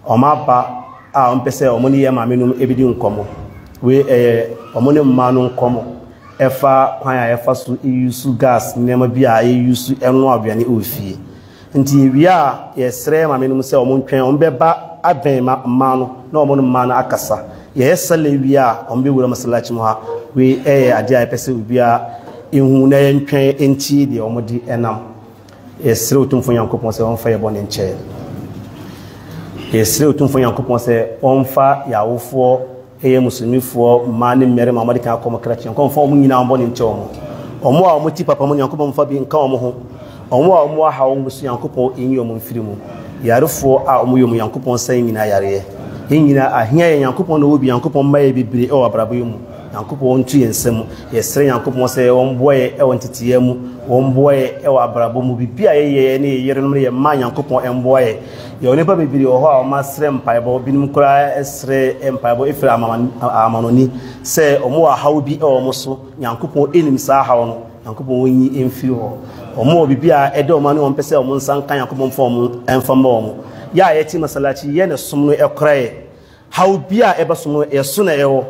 a ɔmpɛ sɛ ɔmo ne yɛ maame nom ebidi nkɔmɔ wei ɛyɛ ɔmo ne so eyi gas bi a yɛyi aduane ɛwɔ nti wie a yɛsrɛ maame no mu sɛ ɔmo ntwɛn ɔmo bɛba abɛn no na ɔmo no mmaa no akasa yɛyɛ sɛlɛ wie a ɔmo bɛwura masalakyi mu ha wei ɛyɛ adeɛ a yɛpɛ sɛ obiara ehu na yɛ nti deɛ ɔmo de ɛnam yɛsrɛ otumfo nyankopɔn sɛ ɔmfa yɛbɔ ne nkyɛn yɛsrɛ otumfo nyankopɔn sɛ ɔmfa yɛawofoɔ ɛyɛ musulmifoɔ mmaa ne mmarima a ɔmo de kan akɔmɔ krakye nkɔmfa ɔmo nyinaa ɔmo bɔ ne nkyɛn ɔmo ɔmo a ɔmo ti papa mo nyankopɔn mfa bi nka ɔmo ho ɔmo a ɔmo aha wɔn so nyankopɔn nyi wɔn mfiri mu yarefoɔ a ɔmo yɛ ɔmo nyankopɔn sɛn nyinaa yareɛ yɛn nyinaa ahia yɛ na obi nyankopɔn mma yɛ bebree ɛwɔ abrabɔ yi mu ntu yɛn nsam yɛsrɛ nyankopɔn sɛ wɔn boa yɛ ɛwɔ nteteyɛ mu wɔn yɛ ɛwɔ abrabɔ mu a yɛyɛ ne yɛ mma nyankopɔn ɛmboa e yɛ nipa bebree wɔ hɔ a wɔn asrɛ mpaebɔ binom koraa ɛsrɛ mpaebɔ efiri amanoni sɛ wɔn wɔ ahaw bi ɛwɔ wɔn so enim saa ahaw no ɔmo wɔ biribi a ɛda ɔmo ano wɔn pɛ sɛ ɔmo nsa nka yɛn akɔmɔ nfa ɔmo ɛnfa mma ɔmo yɛ a yɛte masalakyi yɛ na som no ɛkora yɛ haw bi a ɛba som no yɛso na ɛwɔ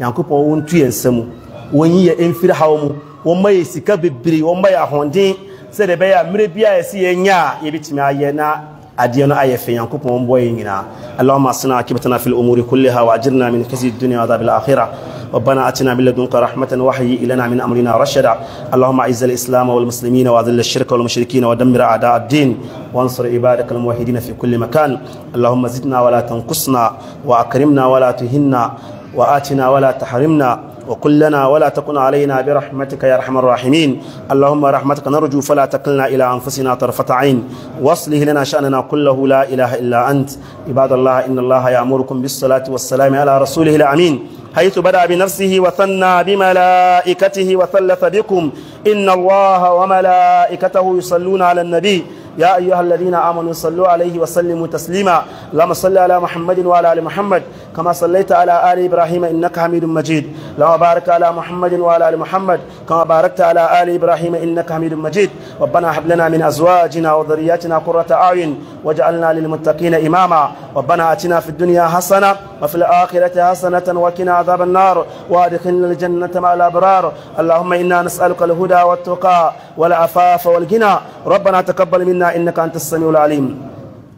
yankopɔn wɔn tu yɛn nsa mu wɔn yi mfiri haw mu wɔn mma yɛ sika bebree wɔn mma yɛ ahoɔden sɛdeɛ ɛbɛyɛ a mmerɛ bi a yɛsi yɛn nyɛ a yɛbɛtumi ayɛ na أدينا آية في ينكوب ومبوينا اللهم أصنع كبتنا في الأمور كلها وأجرنا من كسي الدنيا وعذاب الآخرة ربنا اتنا من لدنك رحمه وحي لنا من امرنا رشدا اللهم اعز الاسلام والمسلمين واذل الشرك والمشركين ودمر اعداء الدين وانصر عبادك الموحدين في كل مكان اللهم زدنا ولا تنقصنا واكرمنا ولا تهنا واتنا ولا تحرمنا وكلنا ولا تكن علينا برحمتك يا ارحم الراحمين اللهم رحمتك نرجو فلا تكلنا إلى أنفسنا طرفة عين واصله لنا شأننا كله لا إله إلا أنت عباد الله إن الله يأمركم بالصلاة والسلام على رسوله الأمين حيث بدأ بنفسه وثنى بملائكته وثلث بكم إن الله وملائكته يصلون على النبي يا أيها الذين آمنوا صلوا عليه وسلموا تسليما اللهم صل على محمد وعلى آل محمد كما صليت على آل إبراهيم إنك حميد مجيد اللهم بارك على محمد وعلى آل محمد كما باركت على آل إبراهيم إنك حميد مجيد ربنا هب لنا من أزواجنا وذرياتنا قرة أعين واجعلنا للمتقين إماما ربنا آتنا في الدنيا حسنة وفي الآخرة حسنة وقنا عذاب النار وادخلنا الجنة مع الأبرار اللهم إنا نسألك الهدى والتقى والعفاف والغنى ربنا تقبل منا إنك أنت السميع العليم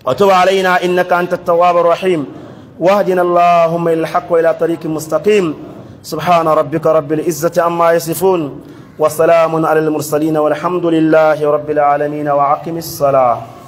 وتب علينا إنك أنت التواب الرحيم واهدنا اللهم إلى الحق وإلى طريق مستقيم سبحان ربك رب العزة عما يصفون وسلام على المرسلين والحمد لله رب العالمين وعقم الصلاة